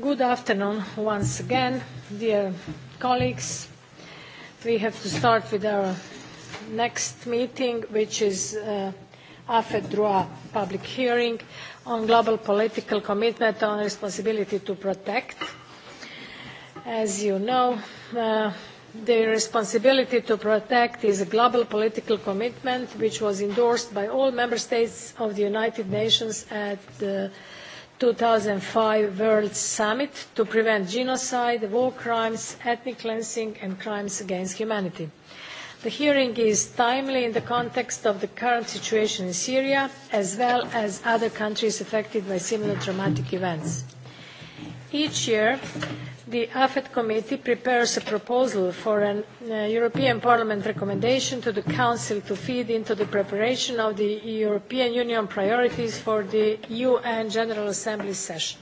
Good afternoon once again, dear colleagues. We have to start with our next meeting, which is uh, AFED public hearing on global political commitment on responsibility to protect. As you know, uh, the responsibility to protect is a global political commitment which was endorsed by all member states of the United Nations at the 2005 World Summit to prevent genocide, war crimes, ethnic cleansing and crimes against humanity. The hearing is timely in the context of the current situation in Syria as well as other countries affected by similar dramatic events. Each year, the AFET Committee prepares a proposal for an uh, European Parliament recommendation to the Council to feed into the preparation of the European Union priorities for the UN General Assembly session.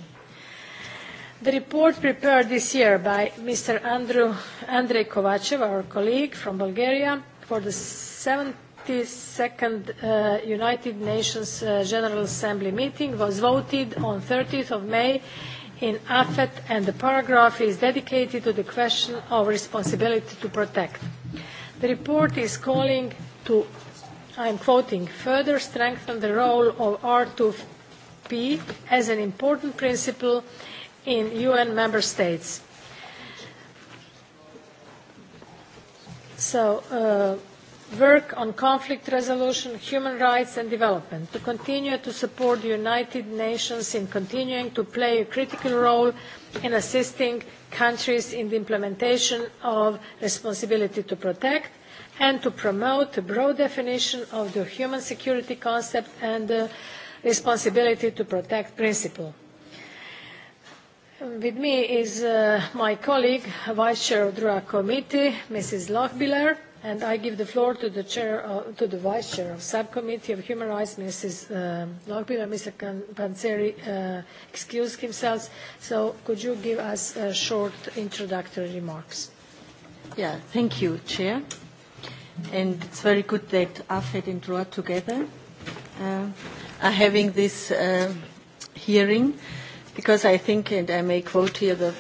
The report prepared this year by Mr. andrej Andrei Kovachev, our colleague from Bulgaria, for the 72nd uh, United Nations uh, General Assembly meeting was voted on 30th of May in AFET, and the paragraph is dedicated to the question of responsibility to protect. The report is calling to, I'm quoting, further strengthen the role of R2P as an important principle in UN member states. So, uh, work on conflict resolution, human rights and development, to continue to support the United Nations in continuing to play a critical role in assisting countries in the implementation of responsibility to protect, and to promote a broad definition of the human security concept and the responsibility to protect principle. With me is uh, my colleague, Vice Chair of the Committee, Mrs. Lochbiller And I give the floor to the chair, uh, to the vice chair of subcommittee of human rights, Mrs. Uh, and Mr. Panzeri uh, excused himself, so could you give us a short introductory remarks? Yeah, thank you, chair. And it's very good that AFED and ROA together uh, are having this uh, hearing, because I think, and I may quote here the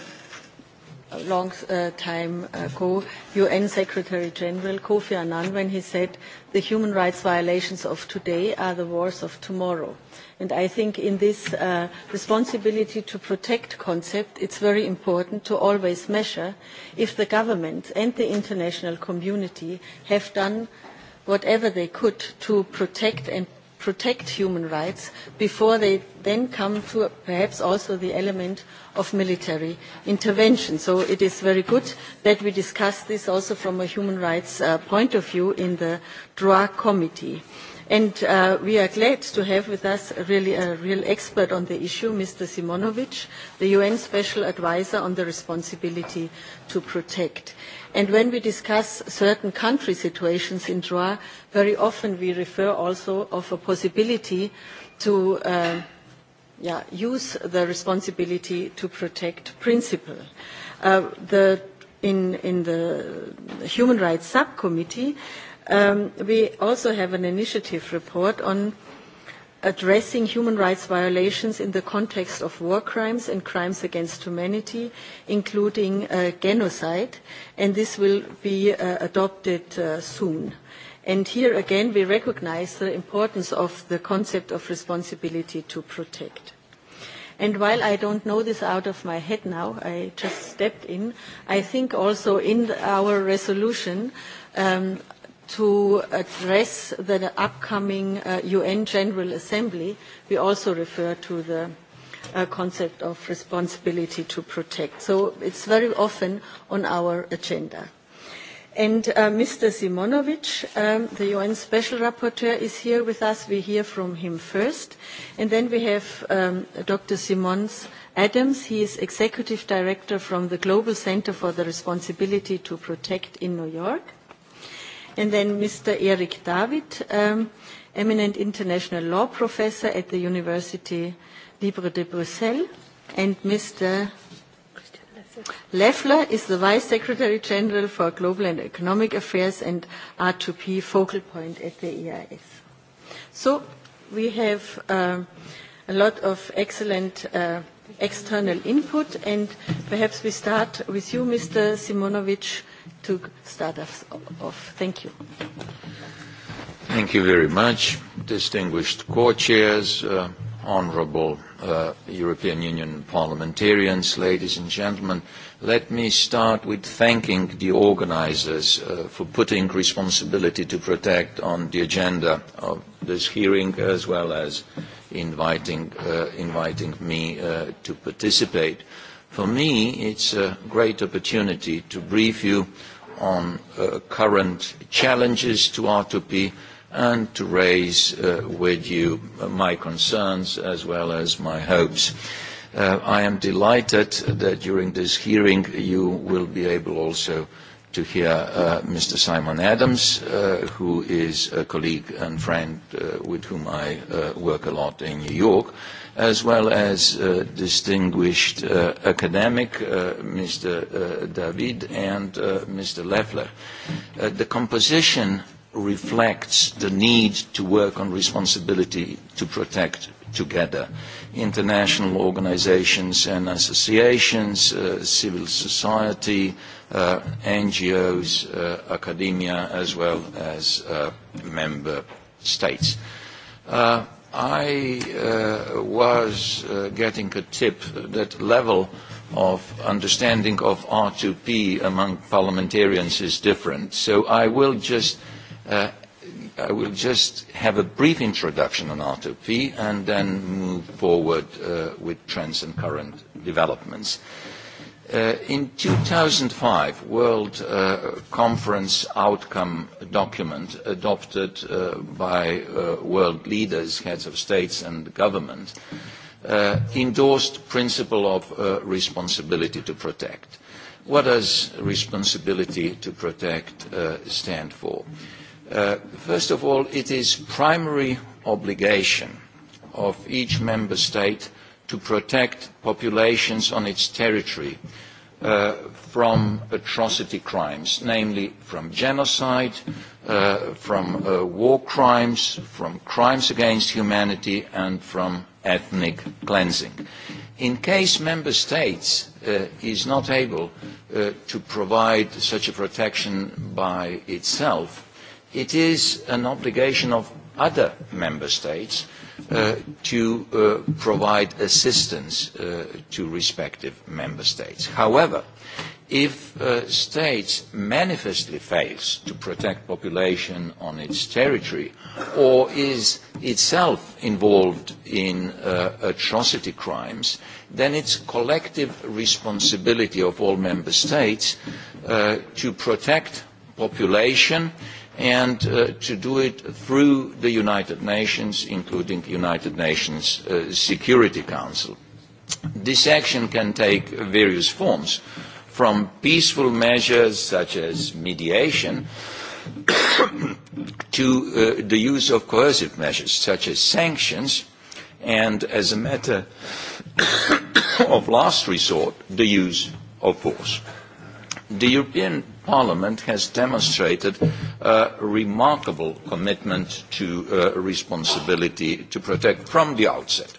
long uh, time ago UN Secretary General Kofi Annan when he said the human rights violations of today are the wars of tomorrow. And I think in this uh, responsibility to protect concept, it's very important to always measure if the government and the international community have done whatever they could to protect and protect human rights before they then come to perhaps also the element of military intervention. So it is very good that we discuss this also from a human rights uh, point of view in the Droit committee. And uh, we are glad to have with us really a real expert on the issue, Mr. Simonovic, the UN Special Advisor on the Responsibility to Protect. And when we discuss certain country situations in DROA, very often we refer also of a possibility to uh, yeah, use the responsibility to protect principle. Uh, the, in, in the Human Rights Subcommittee, um, we also have an initiative report on addressing human rights violations in the context of war crimes and crimes against humanity, including uh, genocide, and this will be uh, adopted uh, soon. And here again, we recognize the importance of the concept of responsibility to protect. And while I don't know this out of my head now, I just stepped in, I think also in our resolution, um, to address the upcoming uh, UN General Assembly, we also refer to the uh, concept of responsibility to protect. So it's very often on our agenda. And uh, Mr. Simonovic, um, the UN Special Rapporteur, is here with us. We hear from him first. And then we have um, Dr. Simons Adams. He is Executive Director from the Global Center for the Responsibility to Protect in New York. And then Mr. Eric David, um, eminent international law professor at the University Libre de Bruxelles. And Mr. Leffler is the Vice Secretary General for Global and Economic Affairs and R2P focal point at the EIS. So we have uh, a lot of excellent uh, external input, and perhaps we start with you, Mr. Simonovic, to start us off. Thank you. Thank you very much, distinguished co-chairs, uh, honorable uh, European Union parliamentarians, ladies and gentlemen. Let me start with thanking the organizers uh, for putting responsibility to protect on the agenda of this hearing as well as inviting, uh, inviting me uh, to participate. Uh, For me, it's a great opportunity to brief you on uh, current challenges to R2P and to raise uh, with you my concerns as well as my hopes. Uh, I am delighted that during this hearing you will be able also to hear uh, Mr. Simon Adams, uh, who is a colleague and friend uh, with whom I uh, work a lot in New York, as well as uh, distinguished uh, academic uh, Mr. Uh, David and uh, Mr. Leffler. Uh, the composition reflects the need to work on responsibility to protect together. International organizations and associations, uh, civil society, uh, NGOs, uh, academia, as well as uh, member states. Uh, I uh, was uh, getting a tip that level of understanding of R2P among parliamentarians is different. So I will just Uh, I will just have a brief introduction on R2P and then move forward uh, with trends and current developments. Uh, in 2005, World uh, Conference Outcome document adopted uh, by uh, world leaders, heads of states and government, uh, endorsed principle of uh, responsibility to protect. What does responsibility to protect uh, stand for? Uh, first of all, it is primary obligation of each member state to protect populations on its territory uh, from atrocity crimes, namely from genocide, uh, from uh, war crimes, from crimes against humanity, and from ethnic cleansing. In case member states uh, is not able uh, to provide such a protection by itself, it is an obligation of other member states uh, to uh, provide assistance uh, to respective member states. However, if uh, states manifestly fails to protect population on its territory or is itself involved in uh, atrocity crimes, then it's collective responsibility of all member states uh, to protect population and uh, to do it through the United Nations, including the United Nations uh, Security Council. This action can take various forms, from peaceful measures such as mediation to uh, the use of coercive measures such as sanctions and, as a matter of last resort, the use of force. The European Parliament has demonstrated a remarkable commitment to uh, responsibility to protect from the outset.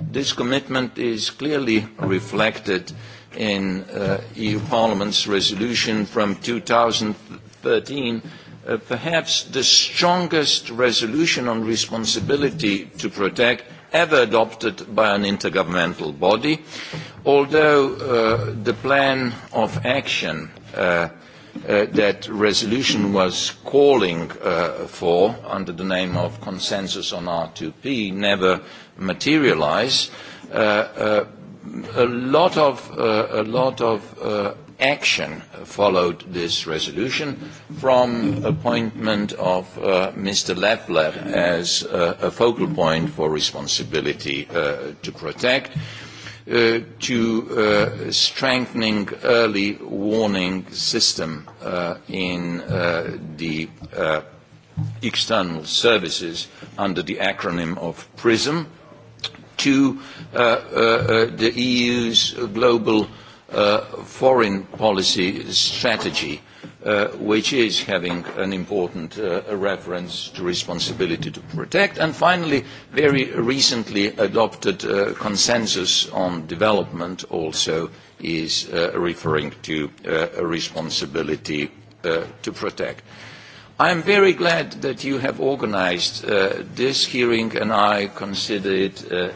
This commitment is clearly reflected in uh, EU Parliament's resolution from 2013, uh, perhaps the strongest resolution on responsibility to protect ever adopted by an intergovernmental body, although uh, the plan of action uh, uh, that resolution was calling uh, for under the name of consensus on R2P never materialized, uh, uh, a lot of, uh, a lot of uh, action followed this resolution from appointment of uh, Mr. Leffler as uh, a focal point for responsibility uh, to protect, uh, to uh, strengthening early warning system uh, in uh, the uh, external services under the acronym of PRISM, to uh, uh, uh the EU's global Uh, foreign policy strategy, uh, which is having an important uh, reference to responsibility to protect. And finally, very recently adopted uh, consensus on development also is uh, referring to uh, responsibility uh, to protect. I am very glad that you have organized uh, this hearing and I consider it uh,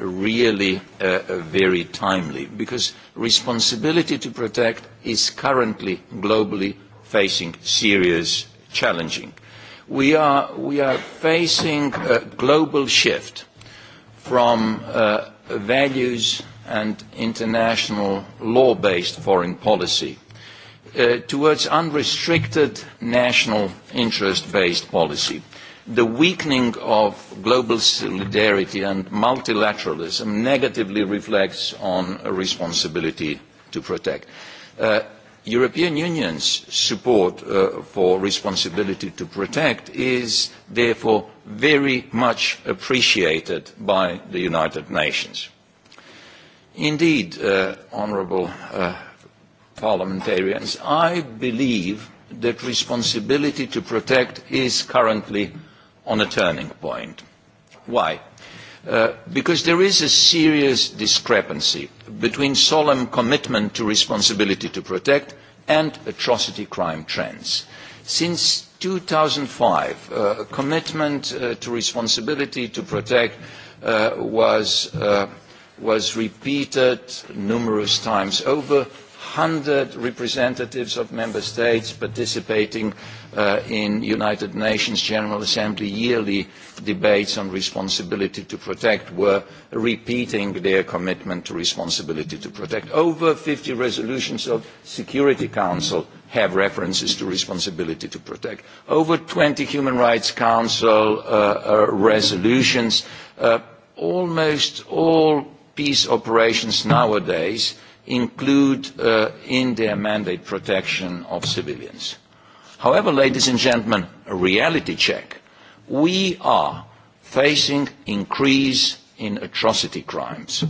really uh, uh, very timely because responsibility to protect is currently globally facing serious challenging. We are, we are facing a global shift from uh, values and international law-based foreign policy uh, towards unrestricted national interest-based policy the weakening of global solidarity and multilateralism negatively reflects on a responsibility to protect. Uh, European Union's support uh, for responsibility to protect is therefore very much appreciated by the United Nations. Indeed, uh, honourable uh, parliamentarians, I believe that responsibility to protect is currently on a turning point. Why? Uh, because there is a serious discrepancy between solemn commitment to responsibility to protect and atrocity crime trends. Since 2005, uh, commitment uh, to responsibility to protect uh, was, uh, was repeated numerous times over 100 representatives of member states participating uh, in United Nations General Assembly yearly debates on responsibility to protect were repeating their commitment to responsibility to protect. Over 50 resolutions of Security Council have references to responsibility to protect. Over 20 Human Rights Council uh, uh, resolutions, uh, almost all peace operations nowadays – include uh, in their mandate protection of civilians. However, ladies and gentlemen, a reality check. We are facing increase in atrocity crimes.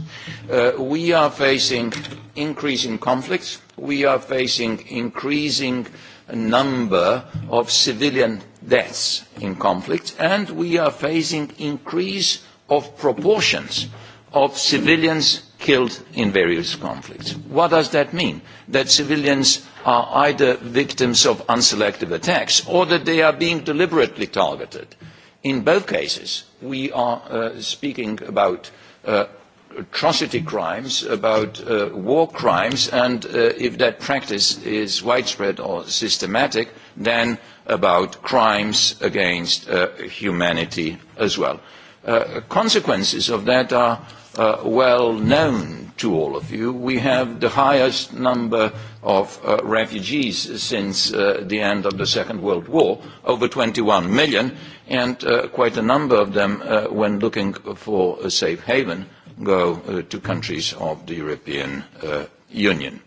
Uh, we are facing increasing conflicts. We are facing increasing number of civilian deaths in conflicts, and we are facing increase of proportions of civilians killed in various conflicts. What does that mean? That civilians are either victims of unselective attacks or that they are being deliberately targeted. In both cases, we are uh, speaking about uh, atrocity crimes, about uh, war crimes, and uh, if that practice is widespread or systematic, then about crimes against uh, humanity as well. Uh, consequences of that are Uh, well known to all of you, we have the highest number of uh, refugees since uh, the end of the Second World War, over 21 million, and uh, quite a number of them, uh, when looking for a safe haven, go uh, to countries of the European uh, Union.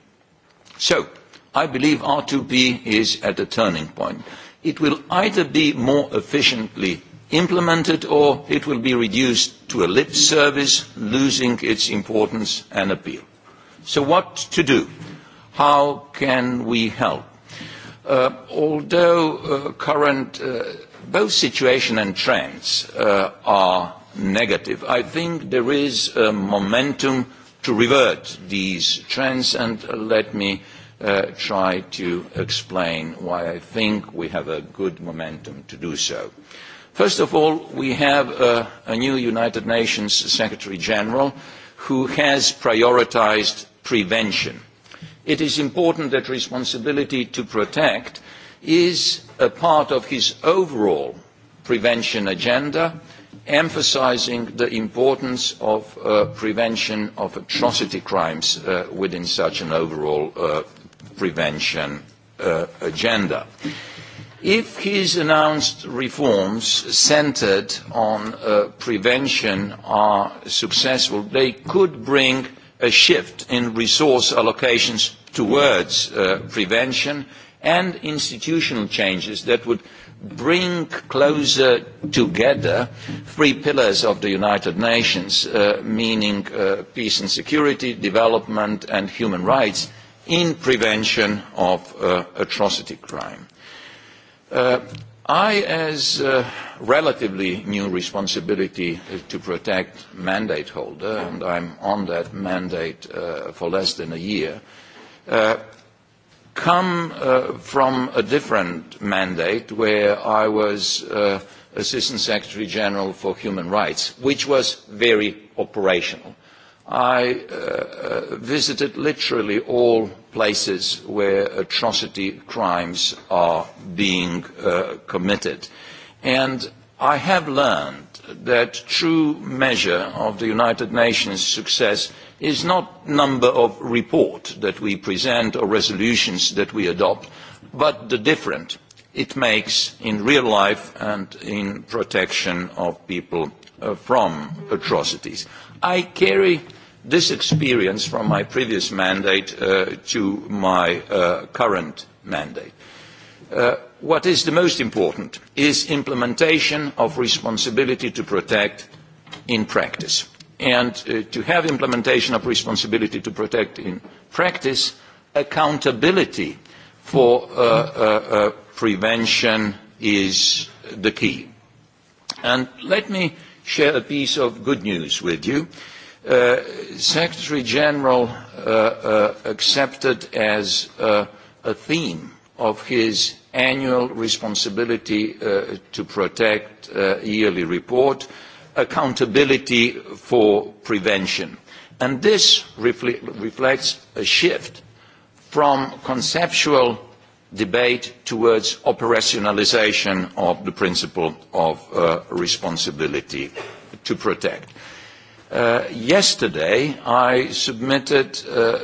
So, I believe R2P is at a turning point. It will either be more efficiently implemented or it will be reduced to a lip service, losing its importance and appeal. So what to do? How can we help? Uh, although uh, current uh, both situation and trends uh, are negative, I think there is a momentum to revert these trends, and uh, let me uh, try to explain why I think we have a good momentum to do so. First of all, we have a, a new United Nations Secretary General who has prioritized prevention. It is important that responsibility to protect is a part of his overall prevention agenda, emphasizing the importance of uh, prevention of atrocity crimes uh, within such an overall uh, prevention uh, agenda. If his announced reforms centered on uh, prevention are successful, they could bring a shift in resource allocations towards uh, prevention and institutional changes that would bring closer together three pillars of the United Nations, uh, meaning uh, peace and security, development and human rights, in prevention of uh, atrocity crime. Uh, I, as a uh, relatively new responsibility uh, to protect mandate holder, and I'm on that mandate uh, for less than a year, uh, come uh, from a different mandate where I was uh, Assistant Secretary General for Human Rights, which was very operational. I uh, visited literally all places where atrocity crimes are being uh, committed. And I have learned that true measure of the United Nations success is not number of report that we present or resolutions that we adopt, but the different it makes in real life and in protection of people uh, from atrocities. I carry this experience from my previous mandate uh, to my uh, current mandate. Uh, what is the most important is implementation of responsibility to protect in practice. And uh, to have implementation of responsibility to protect in practice, accountability for uh, uh, prevention is the key. And let me share a piece of good news with you. Uh, Uh, Secretary General uh, uh, accepted as uh, a theme of his annual responsibility uh, to protect uh, yearly report, accountability for prevention. And this refl- reflects a shift from conceptual debate towards operationalization of the principle of uh, responsibility to protect. Uh, yesterday, I submitted uh,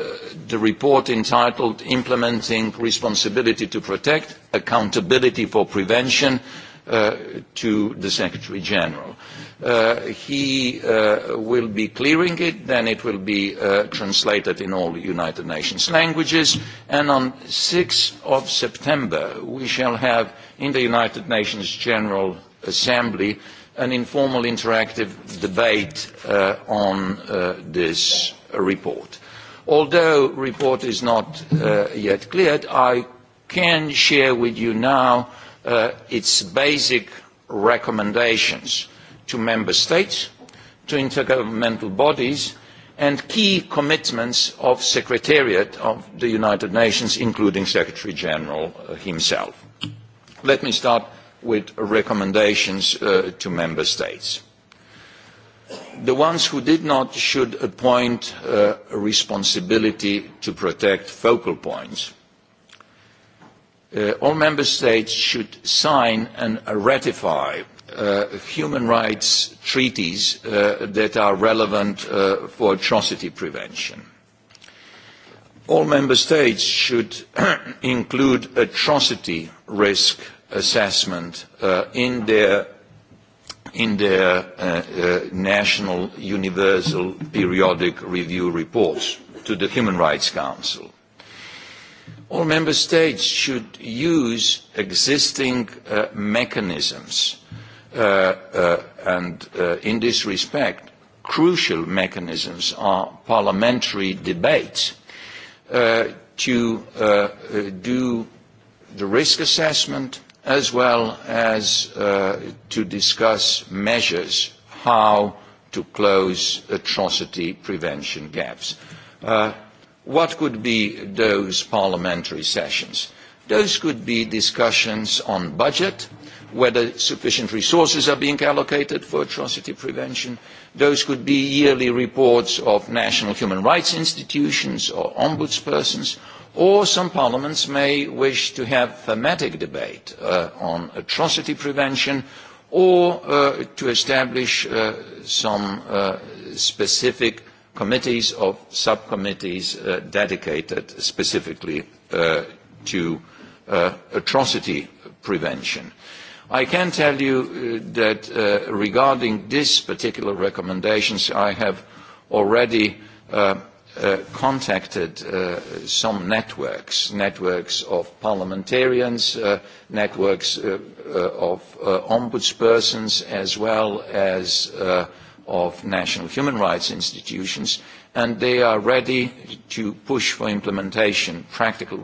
the report entitled Implementing Responsibility to Protect, Accountability for Prevention uh, to the Secretary General. Uh, he uh, will be clearing it, then it will be uh, translated in all United Nations languages, and on 6th of September we shall have in the United Nations General Assembly an informal interactive debate uh, on uh, this report. Although the report is not uh, yet cleared, I can share with you now uh, its basic recommendations to member states, to intergovernmental bodies, and key commitments of Secretariat of the United Nations, including Secretary General uh, himself. Let me start with recommendations uh, to member states. The ones who did not should appoint uh, a responsibility to protect focal points. Uh, all member states should sign and uh, ratify uh, human rights treaties uh, that are relevant uh, for atrocity prevention. All member states should include atrocity risk assessment uh, in their in their uh, uh, national universal periodic review reports to the Human Rights Council. All member states should use existing uh, mechanisms uh, uh, and uh, in this respect crucial mechanisms are parliamentary debates uh, to uh, uh, do the risk assessment, as well as uh, to discuss measures how to close atrocity prevention gaps. Uh, what could be those parliamentary sessions? Those could be discussions on budget, whether sufficient resources are being allocated for atrocity prevention. Those could be yearly reports of national human rights institutions or ombudspersons or some parliaments may wish to have thematic debate uh, on atrocity prevention or uh, to establish uh, some uh, specific committees or subcommittees uh, dedicated specifically uh, to uh, atrocity prevention. I can tell you uh, that uh, regarding this particular recommendations, I have already uh, Uh, contacted uh, some networks, networks of parliamentarians, uh, networks uh, uh, of uh, ombudspersons, as well as of national human rights institutions, and they are ready to push for implementation, practical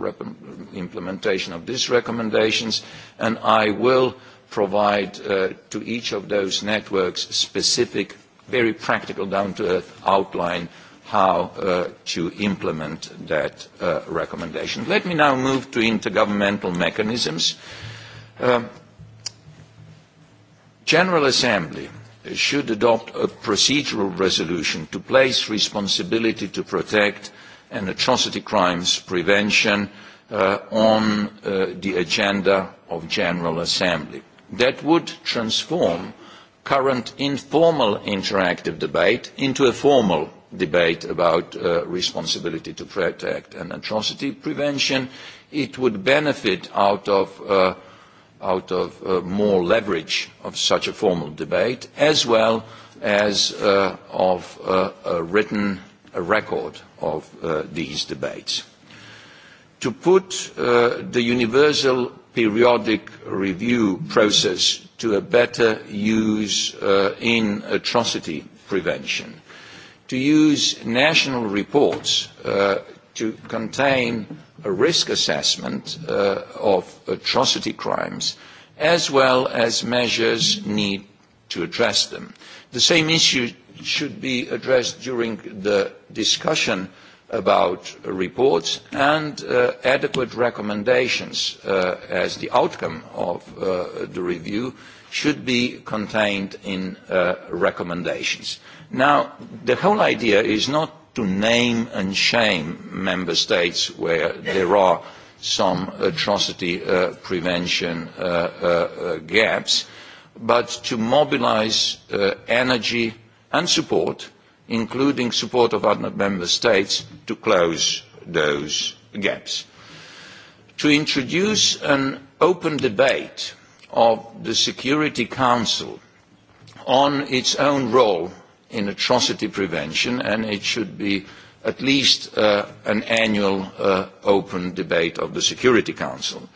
implementation of these recommendations, and I will provide to each of those networks specific, very practical, down-to-earth outline how uh, to implement that uh, recommendation. Let me now move to intergovernmental mechanisms. Uh, General Assembly should adopt a procedural resolution to place responsibility to protect and atrocity crimes prevention uh, on uh, the agenda of General Assembly. That would transform current informal interactive debate into a formal debate about uh, responsibility to protect and atrocity prevention. It would benefit out of, uh, out of uh, more leverage of such a formal debate, as well as uh, of uh, a written a record of uh, these debates. To put uh, the universal periodic review process to a better use uh, in atrocity prevention to use national reports uh, to contain a risk assessment uh, of atrocity crimes, as well as measures need to address them. The same issue should be addressed during the discussion about reports and uh, adequate recommendations uh, as the outcome of uh, the review should be contained in uh, recommendations. Now, the whole idea is not to name and shame member states where there are some atrocity uh, prevention uh, uh, uh, gaps, but to mobilize uh, energy and support, including support of other member states, to close those gaps. To introduce an open debate of the Security Council on its own role in atrocity prevention, and it should be at least uh, an annual uh, open debate of the Security Council.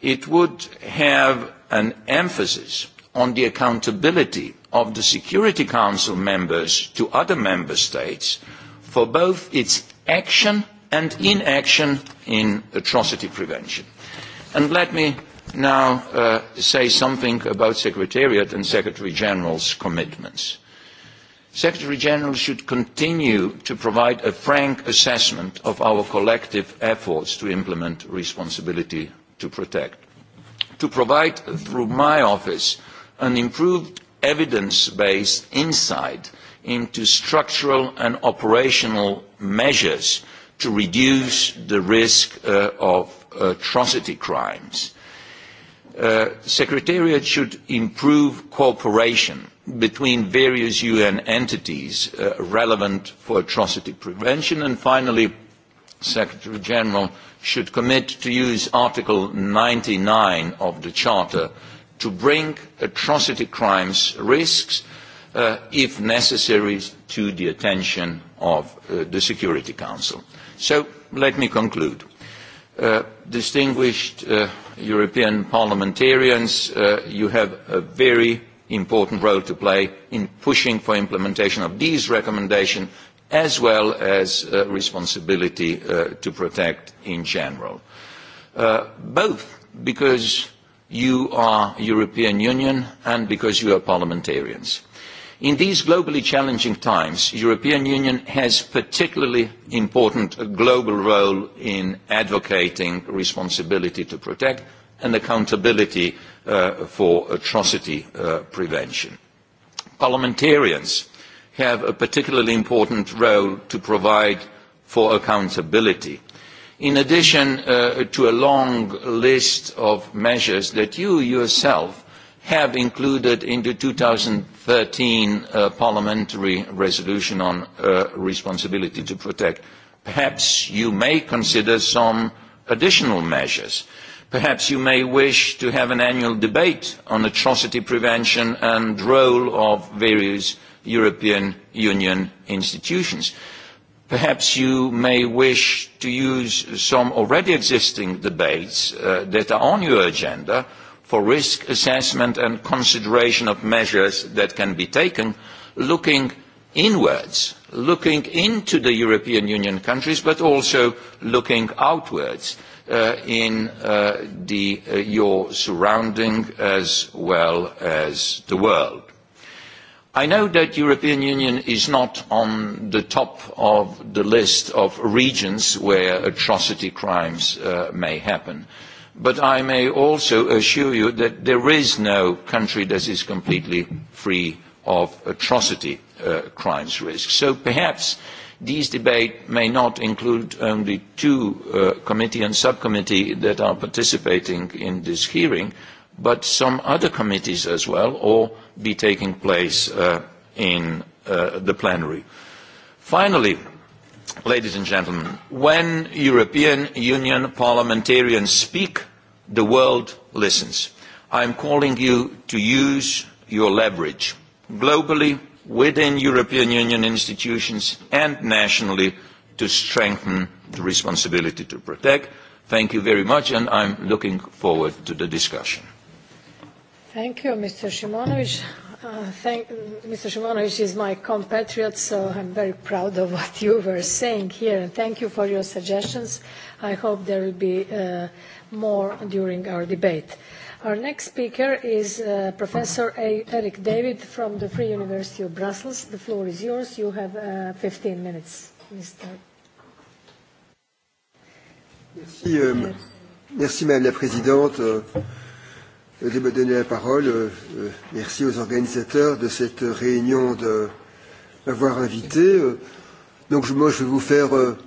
It would have an emphasis on the accountability of the Security Council members to other member states for both its action and inaction in atrocity prevention. And let me now uh, say something about Secretariat and Secretary General's commitments. Secretary General should continue to provide a frank assessment of our collective efforts to implement responsibility to protect. To provide through my office an improved evidence-based insight into structural and operational measures to reduce the risk uh, of atrocity crimes. Uh, Secretariat should improve cooperation between various UN entities uh, relevant for atrocity prevention. And finally, Secretary General should commit to use Article 99 of the Charter to bring atrocity crimes risks, uh, if necessary, to the attention of uh, the Security Council. So let me conclude. Uh, distinguished uh, European parliamentarians, uh, you have a very important role to play in pushing for implementation of these recommendations as well as uh, responsibility uh, to protect in general. Uh, both because you are European Union and because you are parliamentarians. In these globally challenging times, European Union has particularly important global role in advocating responsibility to protect and accountability Uh, for atrocity uh, prevention. Parliamentarians have a particularly important role to provide for accountability. In addition uh, to a long list of measures that you yourself have included in the 2013 parliamentary resolution on responsibility to protect, perhaps you may consider some additional measures. Perhaps you may wish to have an annual debate on atrocity prevention and role of various European Union institutions. Perhaps you may wish to use some already existing debates uh, that are on your agenda for risk assessment and consideration of measures that can be taken, looking inwards, looking into the European Union countries, but also looking outwards. Uh, in uh, the, uh, your surrounding as well as the world. I know that European Union is not on the top of the list of regions where atrocity crimes uh, may happen. But I may also assure you that there is no country that is completely free of atrocity uh, crimes risk. So perhaps uh, These debates may not include only two uh, committee and subcommittee that are participating in this hearing, but some other committees as well, or be taking place uh, in uh, the plenary. Finally, ladies and gentlemen, when European Union parliamentarians speak, the world listens. I'm calling you to use your leverage globally within European Union institutions and nationally to strengthen the responsibility to protect. Thank you very much, and I'm looking forward to the discussion. Thank you, Mr. Shimonovich. Uh, thank, Mr. Shimonovich is my compatriot, so I'm very proud of what you were saying here, and thank you for your suggestions. I hope there will be uh, more during our debate. Our next speaker is uh, Professor A Eric David from the Free University of Brussels. The floor is yours. You have uh, 15 minutes, Mr. Merci, euh, merci Madame la Présidente euh, de me donner la parole. Euh, euh merci aux organisateurs de cette réunion de m'avoir invité. Euh, donc moi je vais vous faire euh,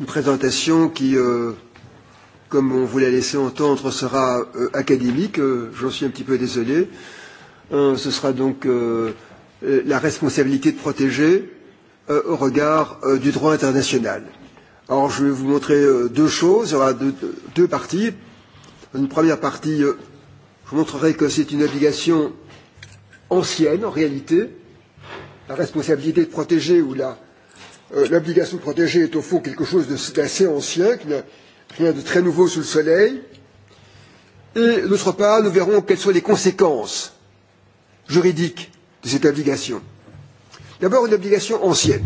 une présentation qui euh, comme on vous l'a laissé entendre, sera euh, académique. Euh, J'en suis un petit peu désolé. Euh, ce sera donc euh, euh, la responsabilité de protéger euh, au regard euh, du droit international. Alors, je vais vous montrer euh, deux choses. Il y aura deux, deux parties. Une première partie, euh, je vous montrerai que c'est une obligation ancienne en réalité. La responsabilité de protéger ou la. euh, L'obligation de protéger est au fond quelque chose d'assez ancien qui n'a rien de très nouveau sous le soleil. Et d'autre part, nous verrons quelles sont les conséquences juridiques de cette obligation. D'abord, une obligation ancienne.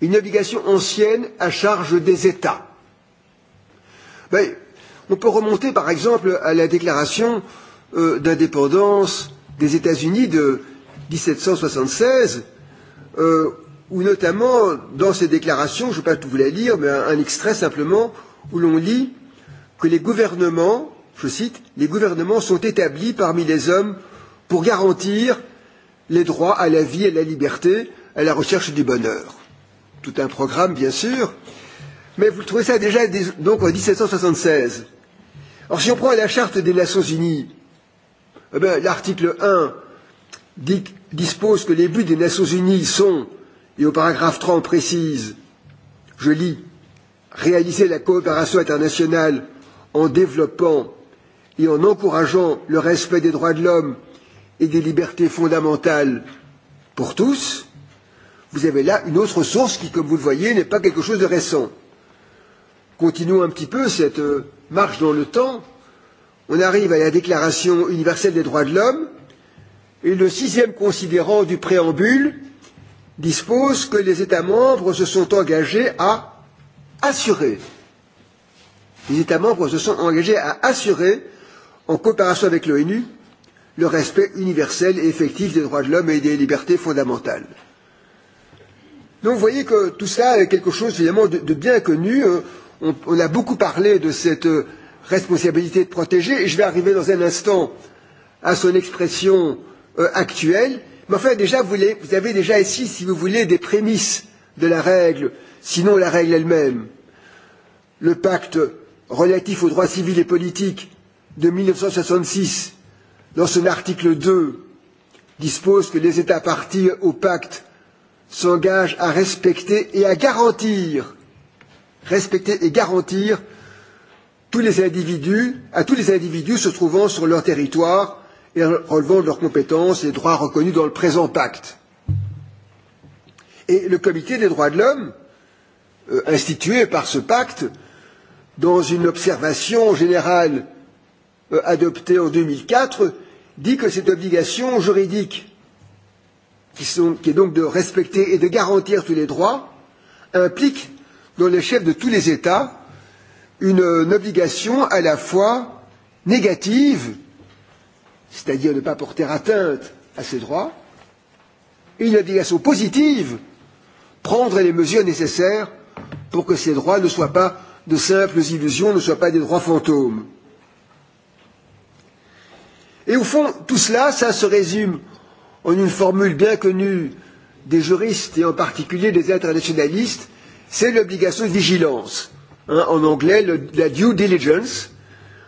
Une obligation ancienne à charge des États. Ben, on peut remonter, par exemple, à la déclaration euh, d'indépendance des États-Unis de 1776, euh, où notamment, dans ces déclarations, je ne vais pas tout vous la lire, mais un, un extrait simplement, où l'on lit que les gouvernements, je cite, les gouvernements sont établis parmi les hommes pour garantir les droits à la vie et à la liberté, à la recherche du bonheur. Tout un programme, bien sûr, mais vous trouvez ça déjà donc en 1776. Alors si on prend la charte des Nations Unies, eh bien, l'article 1 dit, dispose que les buts des Nations Unies sont, et au paragraphe 30 précise, je lis, réaliser la coopération internationale en développant et en encourageant le respect des droits de l'homme et des libertés fondamentales pour tous, vous avez là une autre source qui, comme vous le voyez, n'est pas quelque chose de récent. Continuons un petit peu cette euh, marche dans le temps. On arrive à la Déclaration universelle des droits de l'homme et le sixième considérant du préambule dispose que les États membres se sont engagés à assurer. Les États membres se sont engagés à assurer, en coopération avec l'ONU, le respect universel et effectif des droits de l'homme et des libertés fondamentales. Donc vous voyez que tout cela est quelque chose évidemment de, de bien connu. Euh, on, on a beaucoup parlé de cette euh, responsabilité de protéger et je vais arriver dans un instant à son expression euh, actuelle. Mais enfin déjà vous, les, vous avez déjà ici, si vous voulez, des prémices de la règle sinon la règle elle-même. Le pacte relatif aux droits civils et politiques de 1966, dans son article 2, dispose que les États partis au pacte s'engagent à respecter et à garantir respecter et garantir tous les individus, à tous les individus se trouvant sur leur territoire et relevant de leurs compétences et droits reconnus dans le présent pacte. Et le Comité des droits de l'homme, Euh, institué par ce pacte dans une observation générale euh, adoptée en 2004 dit que cette obligation juridique qui, sont, qui est donc de respecter et de garantir tous les droits implique dans les chefs de tous les États une, une obligation à la fois négative, c'est-à-dire ne pas porter atteinte à ces droits, et une obligation positive, prendre les mesures nécessaires pour que ces droits ne soient pas de simples illusions, ne soient pas des droits fantômes. Et au fond, tout cela, ça se résume en une formule bien connue des juristes et en particulier des internationalistes, c'est l'obligation de vigilance. Hein, en anglais, le, la due diligence,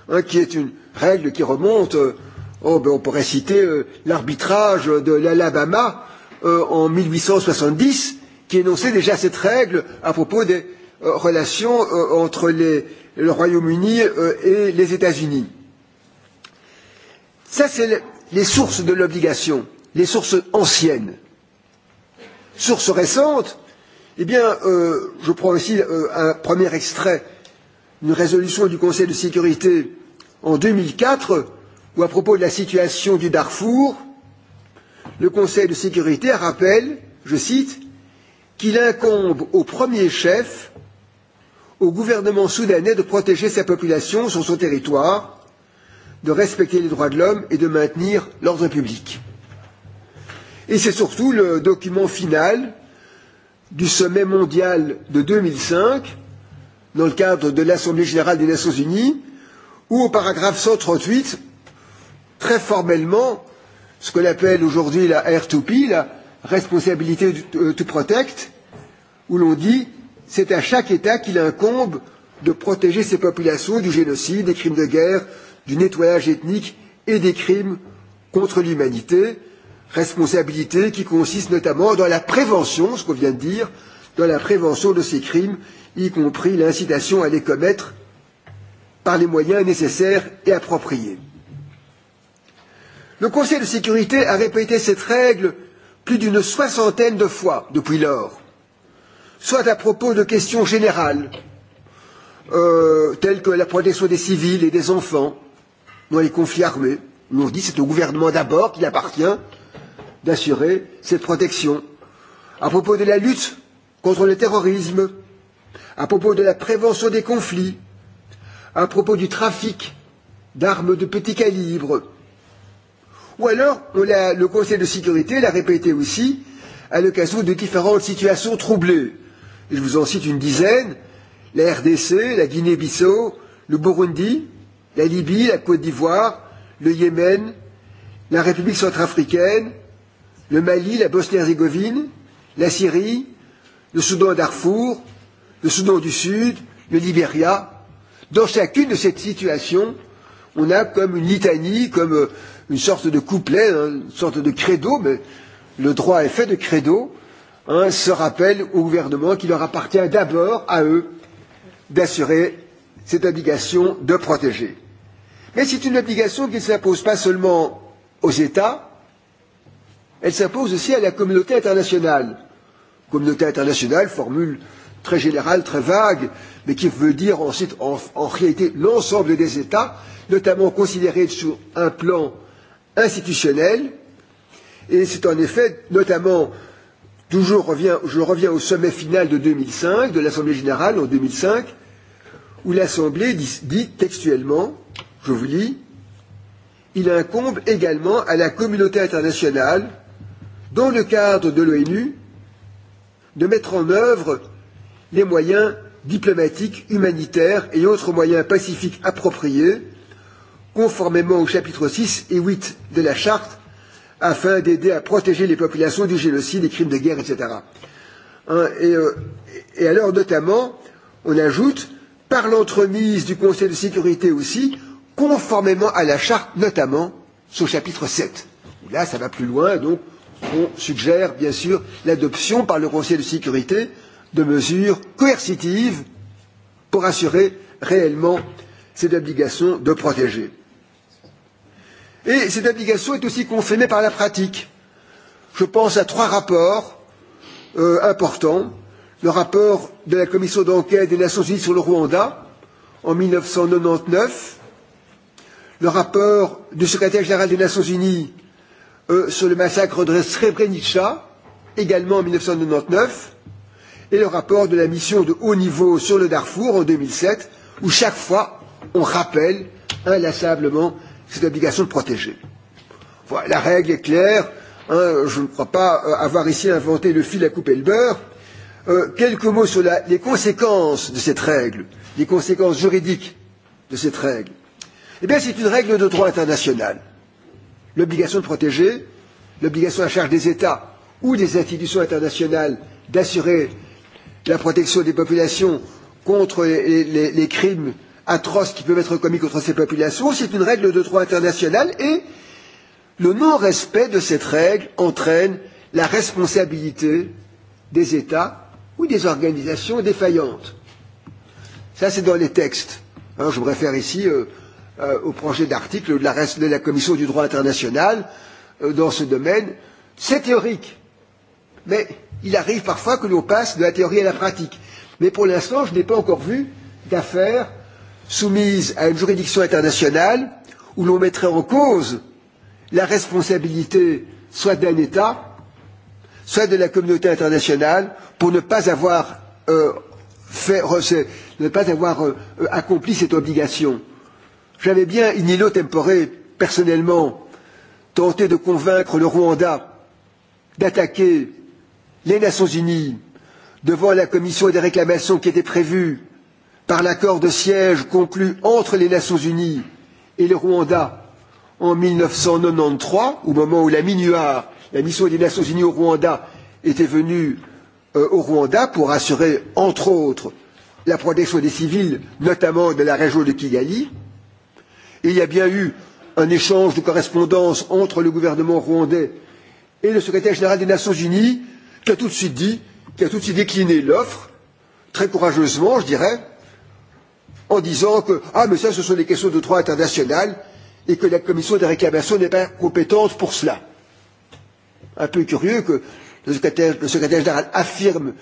hein, qui est une règle qui remonte, euh, oh, ben on pourrait citer euh, l'arbitrage de l'Alabama euh, en 1870, qui énonçait déjà cette règle à propos des Euh, relations euh, entre les, le Royaume-Uni euh, et les États-Unis. Ça, c'est le, les sources de l'obligation, les sources anciennes. Sources récentes, eh bien, euh, je prends ici euh, un premier extrait d'une résolution du Conseil de sécurité en 2004, où à propos de la situation du Darfour, le Conseil de sécurité rappelle, je cite, qu'il incombe au premier chef au gouvernement soudanais de protéger sa population sur son territoire, de respecter les droits de l'homme et de maintenir l'ordre public. Et c'est surtout le document final du sommet mondial de 2005, dans le cadre de l'Assemblée générale des Nations unies, où au paragraphe 138, très formellement, ce qu'on appelle aujourd'hui la R2P, la responsabilité euh, to protect, où l'on dit c'est à chaque État qu'il incombe de protéger ses populations du génocide, des crimes de guerre, du nettoyage ethnique et des crimes contre l'humanité, responsabilité qui consiste notamment dans la prévention, ce qu'on vient de dire, dans la prévention de ces crimes, y compris l'incitation à les commettre par les moyens nécessaires et appropriés. Le Conseil de sécurité a répété cette règle plus d'une soixantaine de fois depuis lors soit à propos de questions générales, euh, telles que la protection des civils et des enfants dans les conflits armés. On dit que c'est au gouvernement d'abord qu'il appartient d'assurer cette protection. À propos de la lutte contre le terrorisme, à propos de la prévention des conflits, à propos du trafic d'armes de petit calibre. Ou alors, on a, le Conseil de sécurité l'a répété aussi à l'occasion de différentes situations troublées et je vous en cite une dizaine, la RDC, la Guinée-Bissau, le Burundi, la Libye, la Côte d'Ivoire, le Yémen, la République centrafricaine, le Mali, la Bosnie-Herzégovine, la Syrie, le Soudan Darfour, le Soudan du Sud, le Libéria. Dans chacune de ces situations, on a comme une litanie, comme euh, une sorte de couplet, une sorte de credo, mais le droit est fait de credo, hein, se rappellent au gouvernement qu'il leur appartient d'abord à eux d'assurer cette obligation de protéger. Mais c'est une obligation qui ne s'impose pas seulement aux États, elle s'impose aussi à la communauté internationale. communauté internationale formule très générale, très vague, mais qui veut dire ensuite en, en réalité l'ensemble des États, notamment considérés sur un plan institutionnel. Et c'est en effet notamment Toujours reviens, je reviens au sommet final de 2005, de l'Assemblée générale en 2005, où l'Assemblée dit, dit textuellement, je vous lis, il incombe également à la communauté internationale, dans le cadre de l'ONU, de mettre en œuvre les moyens diplomatiques, humanitaires et autres moyens pacifiques appropriés, conformément au chapitre 6 et 8 de la Charte afin d'aider à protéger les populations du génocide, des crimes de guerre, etc. Hein, et, euh, et alors, notamment, on ajoute, par l'entremise du Conseil de sécurité aussi, conformément à la charte, notamment son chapitre 7. Là, ça va plus loin, donc on suggère bien sûr l'adoption par le Conseil de sécurité de mesures coercitives pour assurer réellement cette obligation de protéger. Et cette application est aussi confirmée par la pratique. Je pense à trois rapports euh, importants. Le rapport de la commission d'enquête des Nations Unies sur le Rwanda en 1999, le rapport du secrétaire général des Nations Unies euh, sur le massacre de Srebrenica, également en 1999, et le rapport de la mission de haut niveau sur le Darfour en 2007, où chaque fois on rappelle inlassablement c'est l'obligation de protéger. Voilà, la règle est claire. Hein, je ne crois pas euh, avoir ici inventé le fil à couper le beurre. Euh, quelques mots sur la, les conséquences de cette règle, les conséquences juridiques de cette règle. Eh bien, c'est une règle de droit international. L'obligation de protéger, l'obligation à charge des États ou des institutions internationales d'assurer la protection des populations contre les, les, les crimes atroces qui peuvent être commis contre ces populations. C'est une règle de droit international et le non-respect de cette règle entraîne la responsabilité des États ou des organisations défaillantes. Ça, c'est dans les textes. Hein, je me réfère ici euh, euh, au projet d'article de la, de la Commission du droit international euh, dans ce domaine. C'est théorique, mais il arrive parfois que l'on passe de la théorie à la pratique. Mais pour l'instant, je n'ai pas encore vu d'affaires soumise à une juridiction internationale où l'on mettrait en cause la responsabilité soit d'un État, soit de la communauté internationale pour ne pas avoir, euh, fait, ne pas avoir euh, accompli cette obligation. J'avais bien, in illo tempore, personnellement, tenté de convaincre le Rwanda d'attaquer les Nations Unies devant la commission des réclamations qui était prévue par l'accord de siège conclu entre les Nations Unies et le Rwanda en 1993, au moment où la MINUAR, la mission des Nations Unies au Rwanda, était venue euh, au Rwanda pour assurer, entre autres, la protection des civils, notamment de la région de Kigali. Et il y a bien eu un échange de correspondance entre le gouvernement rwandais et le secrétaire général des Nations Unies, qui a tout de suite dit, qui a tout de suite décliné l'offre, très courageusement, je dirais, en disant que ah mais ça ce sont des questions de droit international et que la commission des réclamations n'est pas compétente pour cela. Un peu curieux que le secrétaire, le secrétaire général affirme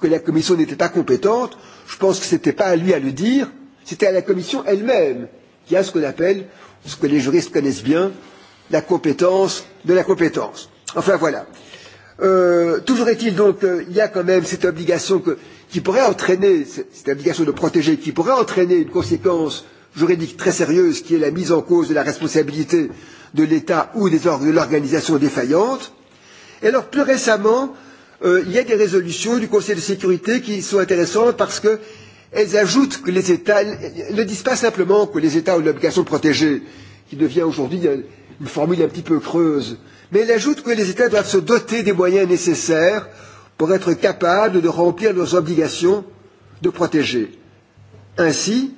que la commission n'était pas compétente, je pense que ce n'était pas à lui à le dire, c'était à la commission elle-même qui a ce qu'on appelle, ce que les juristes connaissent bien, la compétence de la compétence. Enfin voilà. Euh, toujours est-il donc qu'il y a quand même cette obligation que qui pourrait entraîner cette obligation de protéger qui pourrait entraîner une conséquence juridique très sérieuse qui est la mise en cause de la responsabilité de l'État ou des de l'organisation défaillante. Et alors plus récemment, euh, il y a des résolutions du Conseil de sécurité qui sont intéressantes parce qu'elles ajoutent que les États elles ne disent pas simplement que les États ont l'obligation de protéger, qui devient aujourd'hui une formule un petit peu creuse, mais elles ajoutent que les États doivent se doter des moyens nécessaires pour être capables de remplir leurs obligations de protéger. Ainsi,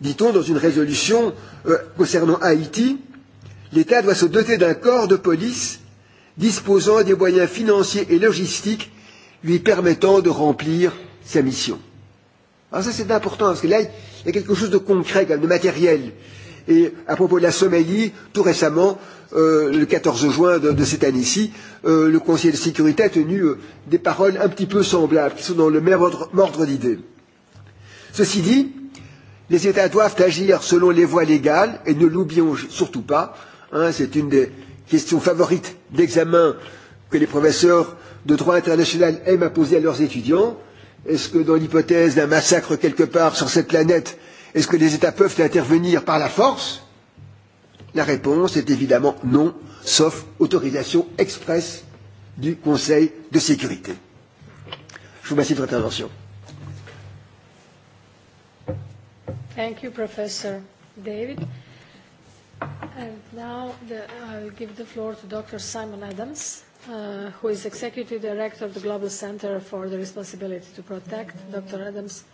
dit-on dans une résolution euh, concernant Haïti, l'État doit se doter d'un corps de police disposant des moyens financiers et logistiques lui permettant de remplir sa mission. Alors ça c'est important parce que là il y a quelque chose de concret, de matériel. Et à propos de la Somalie, tout récemment, euh, le 14 juin de, de cette année-ci, euh, le Conseil de sécurité a tenu euh, des paroles un petit peu semblables, qui sont dans le même ordre, ordre d'idées. Ceci dit, les États doivent agir selon les voies légales, et ne l'oublions surtout pas, hein, c'est une des questions favorites d'examen que les professeurs de droit international aiment à poser à leurs étudiants. Est-ce que dans l'hypothèse d'un massacre quelque part sur cette planète, Est-ce que les États peuvent intervenir par la force La réponse est évidemment non, sauf autorisation expresse du Conseil de sécurité. Je vous remercie de votre intervention. Thank you, Professor David. And now the, I'll give the floor to Dr. Simon Adams, uh, who is Executive Director of the Global Center for the Responsibility to Protect. Dr. Adams,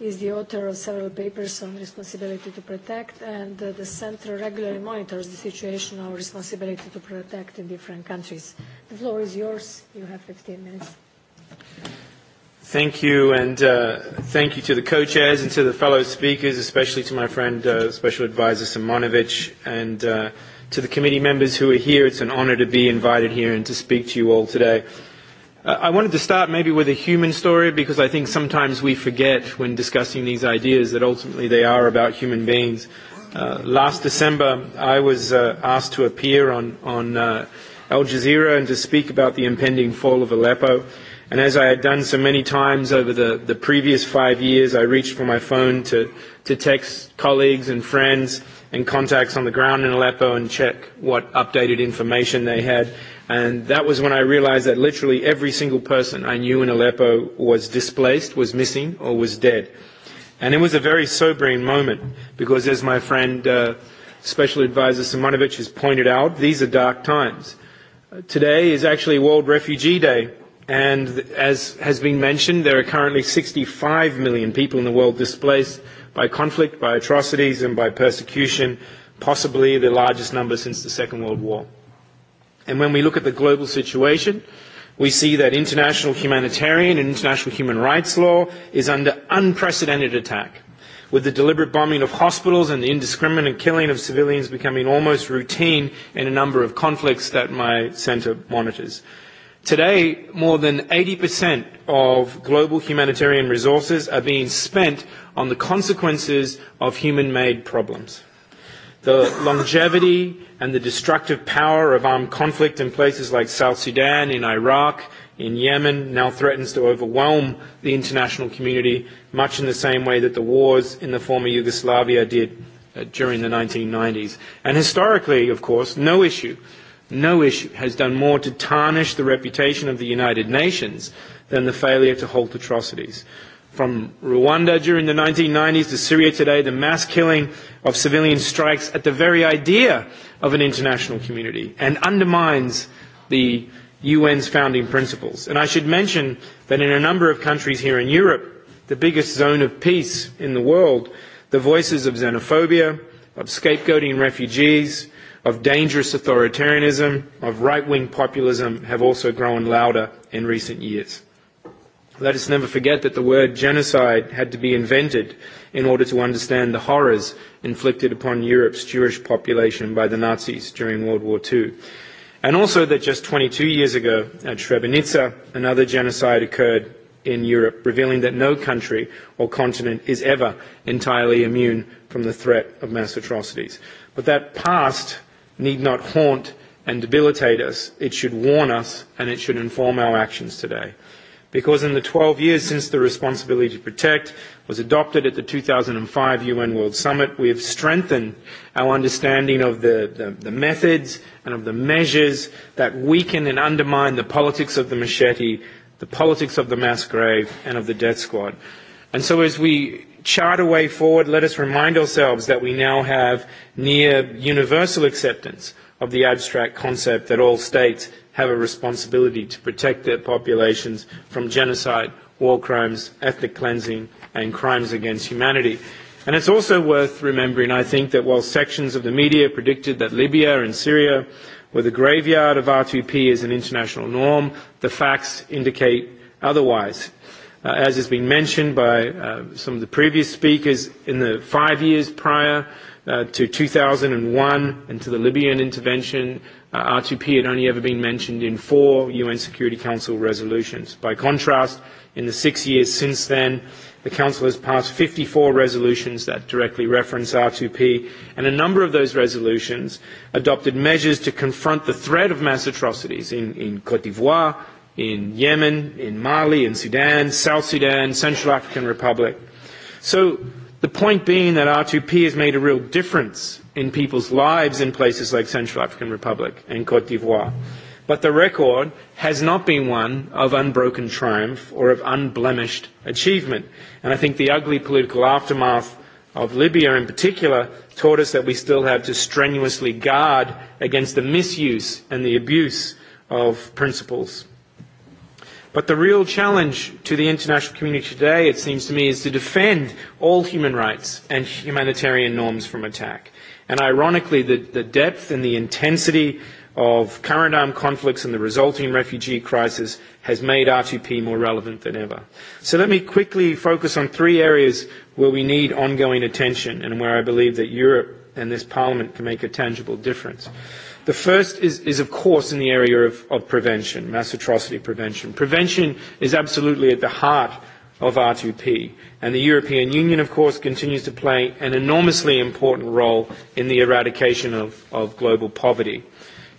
is the author of several papers on responsibility to protect, and uh, the center regularly monitors the situation of responsibility to protect in different countries. The floor is yours. You have 15 minutes. Thank you, and uh, thank you to the co-chairs and to the fellow speakers, especially to my friend, uh, Special Advisor Simonovic, and uh, to the committee members who are here. It's an honor to be invited here and to speak to you all today. Uh, I wanted to start maybe with a human story because I think sometimes we forget when discussing these ideas that ultimately they are about human beings. Uh, last December, I was uh, asked to appear on, on uh, Al Jazeera and to speak about the impending fall of Aleppo. And as I had done so many times over the, the previous five years, I reached for my phone to, to text colleagues and friends and contacts on the ground in Aleppo and check what updated information they had. And that was when I realized that literally every single person I knew in Aleppo was displaced, was missing, or was dead. And it was a very sobering moment because, as my friend, uh, Special Advisor Simonovic, has pointed out, these are dark times. Today is actually World Refugee Day. And as has been mentioned, there are currently 65 million people in the world displaced by conflict, by atrocities, and by persecution, possibly the largest number since the Second World War. And when we look at the global situation, we see that international humanitarian and international human rights law is under unprecedented attack, with the deliberate bombing of hospitals and the indiscriminate killing of civilians becoming almost routine in a number of conflicts that my centre monitors. Today, more than 80% of global humanitarian resources are being spent on the consequences of human-made problems the longevity and the destructive power of armed conflict in places like South Sudan, in Iraq, in Yemen now threatens to overwhelm the international community, much in the same way that the wars in the former Yugoslavia did uh, during the 1990s. And historically, of course, no issue, no issue has done more to tarnish the reputation of the United Nations than the failure to halt atrocities. From Rwanda during the 1990s to Syria today, the mass killing of civilian strikes at the very idea of an international community and undermines the UN's founding principles. And I should mention that in a number of countries here in Europe, the biggest zone of peace in the world, the voices of xenophobia, of scapegoating refugees, of dangerous authoritarianism, of right-wing populism have also grown louder in recent years. Let us never forget that the word genocide had to be invented in order to understand the horrors inflicted upon Europe's Jewish population by the Nazis during World War II. And also that just 22 years ago at Srebrenica, another genocide occurred in Europe, revealing that no country or continent is ever entirely immune from the threat of mass atrocities. But that past need not haunt and debilitate us. It should warn us and it should inform our actions today because in the 12 years since the responsibility to protect was adopted at the 2005 UN World Summit, we have strengthened our understanding of the, the, the methods and of the measures that weaken and undermine the politics of the machete, the politics of the mass grave, and of the death squad. And so as we chart a way forward, let us remind ourselves that we now have near universal acceptance of the abstract concept that all states have a responsibility to protect their populations from genocide, war crimes, ethnic cleansing, and crimes against humanity. And it's also worth remembering, I think, that while sections of the media predicted that Libya and Syria were the graveyard of R2P as an international norm, the facts indicate otherwise. Uh, as has been mentioned by uh, some of the previous speakers, in the five years prior uh, to 2001 and to the Libyan intervention, Uh, R2P had only ever been mentioned in four UN Security Council resolutions. By contrast, in the six years since then, the Council has passed 54 resolutions that directly reference R2P, and a number of those resolutions adopted measures to confront the threat of mass atrocities in, in Cote d'Ivoire, in Yemen, in Mali, in Sudan, South Sudan, Central African Republic. So the point being that R2P has made a real difference in people's lives in places like Central African Republic and Cote d'Ivoire. But the record has not been one of unbroken triumph or of unblemished achievement. And I think the ugly political aftermath of Libya in particular taught us that we still have to strenuously guard against the misuse and the abuse of principles. But the real challenge to the international community today, it seems to me, is to defend all human rights and humanitarian norms from attack. And ironically, the, the depth and the intensity of current armed conflicts and the resulting refugee crisis has made R2P more relevant than ever. So let me quickly focus on three areas where we need ongoing attention and where I believe that Europe and this Parliament can make a tangible difference. The first is, is of course, in the area of, of prevention, mass atrocity prevention. Prevention is absolutely at the heart of R2P. And the European Union, of course, continues to play an enormously important role in the eradication of, of global poverty.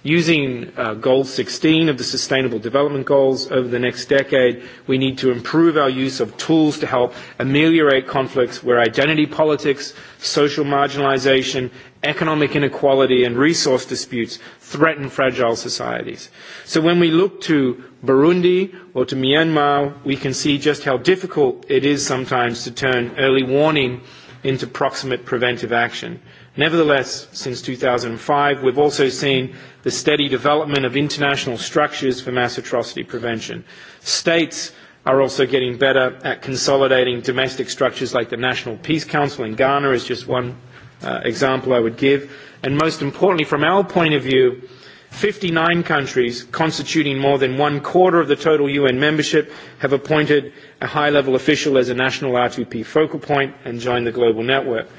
Using uh, Goal 16 of the Sustainable Development Goals over the next decade, we need to improve our use of tools to help ameliorate conflicts where identity politics, social marginalization, economic inequality and resource disputes threaten fragile societies. So when we look to Burundi or to Myanmar, we can see just how difficult it is sometimes to turn early warning into proximate preventive action. Nevertheless, since 2005, we've also seen the steady development of international structures for mass atrocity prevention. States are also getting better at consolidating domestic structures like the National Peace Council in Ghana is just one uh, example I would give. And most importantly, from our point of view, 59 countries, constituting more than one quarter of the total UN membership, have appointed a high-level official as a national R2P focal point and joined the global network.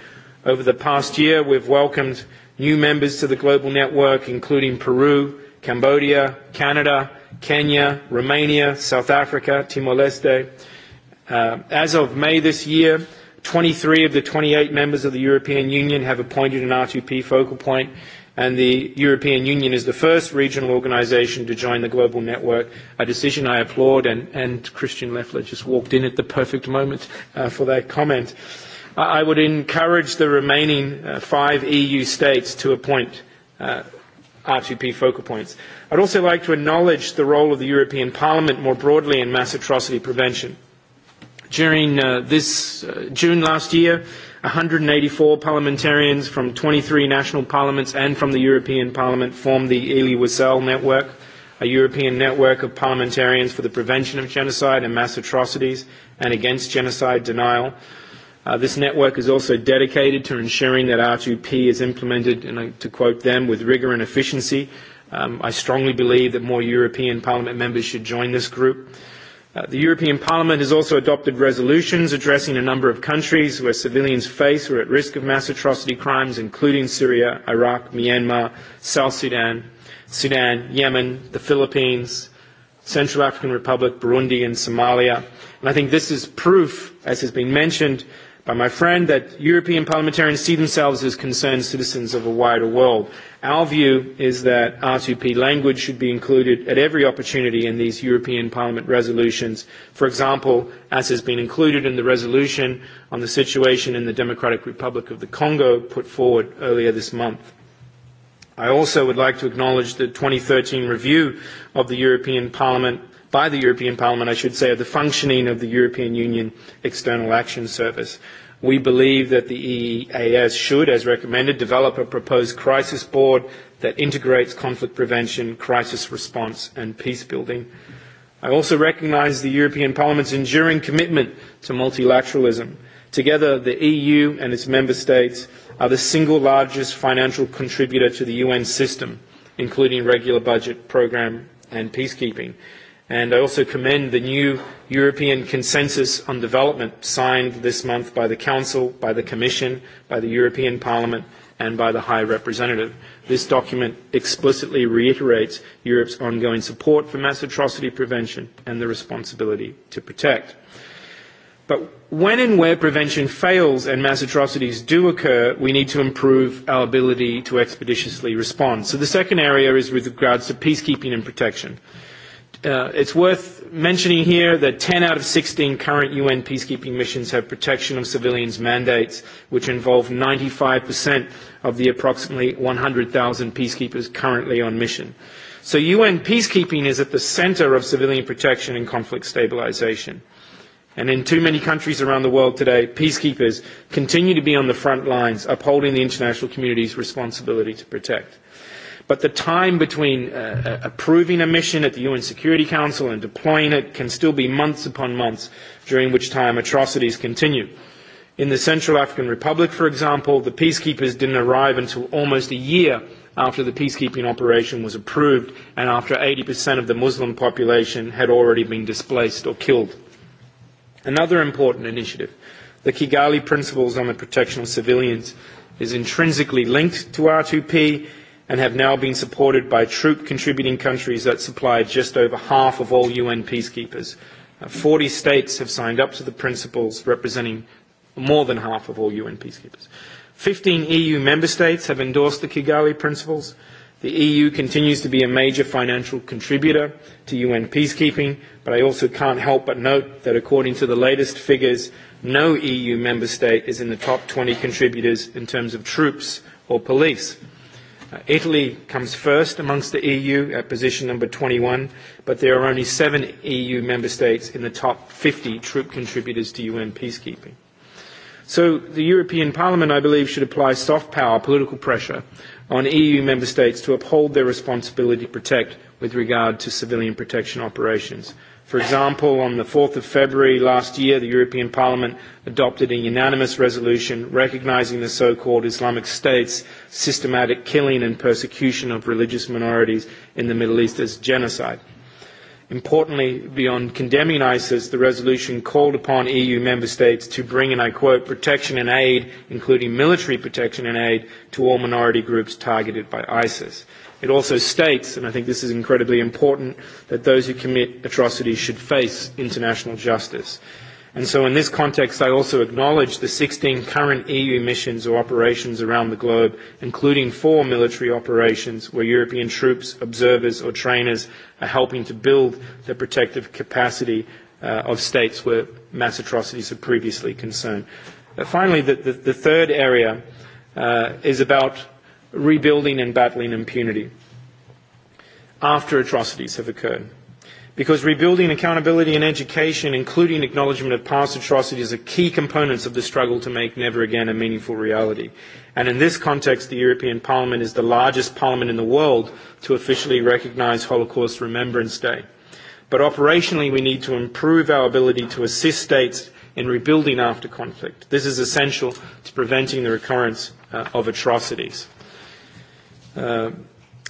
Over the past year, we've welcomed new members to the global network, including Peru, Cambodia, Canada, Kenya, Romania, South Africa, Timor-Leste. Uh, as of May this year, 23 of the 28 members of the European Union have appointed an R2P focal point, and the European Union is the first regional organisation to join the global network, a decision I applaud, and, and Christian Leffler just walked in at the perfect moment uh, for that comment. Uh, I would encourage the remaining uh, five EU states to appoint uh, R2P focal points. I'd also like to acknowledge the role of the European Parliament more broadly in mass atrocity prevention. During uh, this uh, June last year, 184 parliamentarians from 23 national parliaments and from the European Parliament formed the Ely-Wiesel network, a European network of parliamentarians for the prevention of genocide and mass atrocities and against genocide denial. Uh, this network is also dedicated to ensuring that R2P is implemented, and to quote them, with rigor and efficiency. Um, I strongly believe that more European Parliament members should join this group. Uh, the European Parliament has also adopted resolutions addressing a number of countries where civilians face or are at risk of mass atrocity crimes, including Syria, Iraq, Myanmar, South Sudan, Sudan, Yemen, the Philippines, Central African Republic, Burundi, and Somalia. And I think this is proof, as has been mentioned, by my friend that European parliamentarians see themselves as concerned citizens of a wider world. Our view is that R2P language should be included at every opportunity in these European Parliament resolutions. For example, as has been included in the resolution on the situation in the Democratic Republic of the Congo put forward earlier this month. I also would like to acknowledge the 2013 review of the European Parliament by the European Parliament, I should say, of the functioning of the European Union External Action Service. We believe that the EEAS should, as recommended, develop a proposed crisis board that integrates conflict prevention, crisis response, and peace building. I also recognise the European Parliament's enduring commitment to multilateralism. Together, the EU and its member states are the single largest financial contributor to the UN system, including regular budget, programme, and peacekeeping. And I also commend the new European consensus on development signed this month by the Council, by the Commission, by the European Parliament, and by the High Representative. This document explicitly reiterates Europe's ongoing support for mass atrocity prevention and the responsibility to protect. But when and where prevention fails and mass atrocities do occur, we need to improve our ability to expeditiously respond. So the second area is with regards to peacekeeping and protection. Uh, it's worth mentioning here that 10 out of 16 current UN peacekeeping missions have protection of civilians mandates, which involve 95% of the approximately 100,000 peacekeepers currently on mission. So UN peacekeeping is at the center of civilian protection and conflict stabilization. And in too many countries around the world today, peacekeepers continue to be on the front lines, upholding the international community's responsibility to protect. But the time between uh, uh, approving a mission at the UN Security Council and deploying it can still be months upon months, during which time atrocities continue. In the Central African Republic, for example, the peacekeepers didn't arrive until almost a year after the peacekeeping operation was approved and after 80% of the Muslim population had already been displaced or killed. Another important initiative, the Kigali Principles on the Protection of Civilians, is intrinsically linked to R2P and have now been supported by troop contributing countries that supply just over half of all UN peacekeepers. Uh, forty states have signed up to the principles representing more than half of all UN peacekeepers. Fifteen EU member states have endorsed the Kigali principles. The EU continues to be a major financial contributor to UN peacekeeping, but I also can't help but note that according to the latest figures, no EU member state is in the top 20 contributors in terms of troops or police. Uh, Italy comes first amongst the EU at position number 21, but there are only seven EU member states in the top 50 troop contributors to UN peacekeeping. So the European Parliament, I believe, should apply soft power, political pressure on EU member states to uphold their responsibility to protect with regard to civilian protection operations For example, on the 4th of February last year, the European Parliament adopted a unanimous resolution recognizing the so-called Islamic State's systematic killing and persecution of religious minorities in the Middle East as genocide. Importantly, beyond condemning ISIS, the resolution called upon EU member states to bring, and I quote, protection and aid, including military protection and aid, to all minority groups targeted by ISIS. It also states, and I think this is incredibly important, that those who commit atrocities should face international justice. And so in this context, I also acknowledge the 16 current EU missions or operations around the globe, including four military operations where European troops, observers or trainers are helping to build the protective capacity uh, of states where mass atrocities are previously concerned. Uh, finally, the, the, the third area uh, is about rebuilding and battling impunity after atrocities have occurred. Because rebuilding accountability and education, including acknowledgement of past atrocities, are key components of the struggle to make never again a meaningful reality. And in this context, the European Parliament is the largest parliament in the world to officially recognise Holocaust Remembrance Day. But operationally, we need to improve our ability to assist states in rebuilding after conflict. This is essential to preventing the recurrence uh, of atrocities. Uh,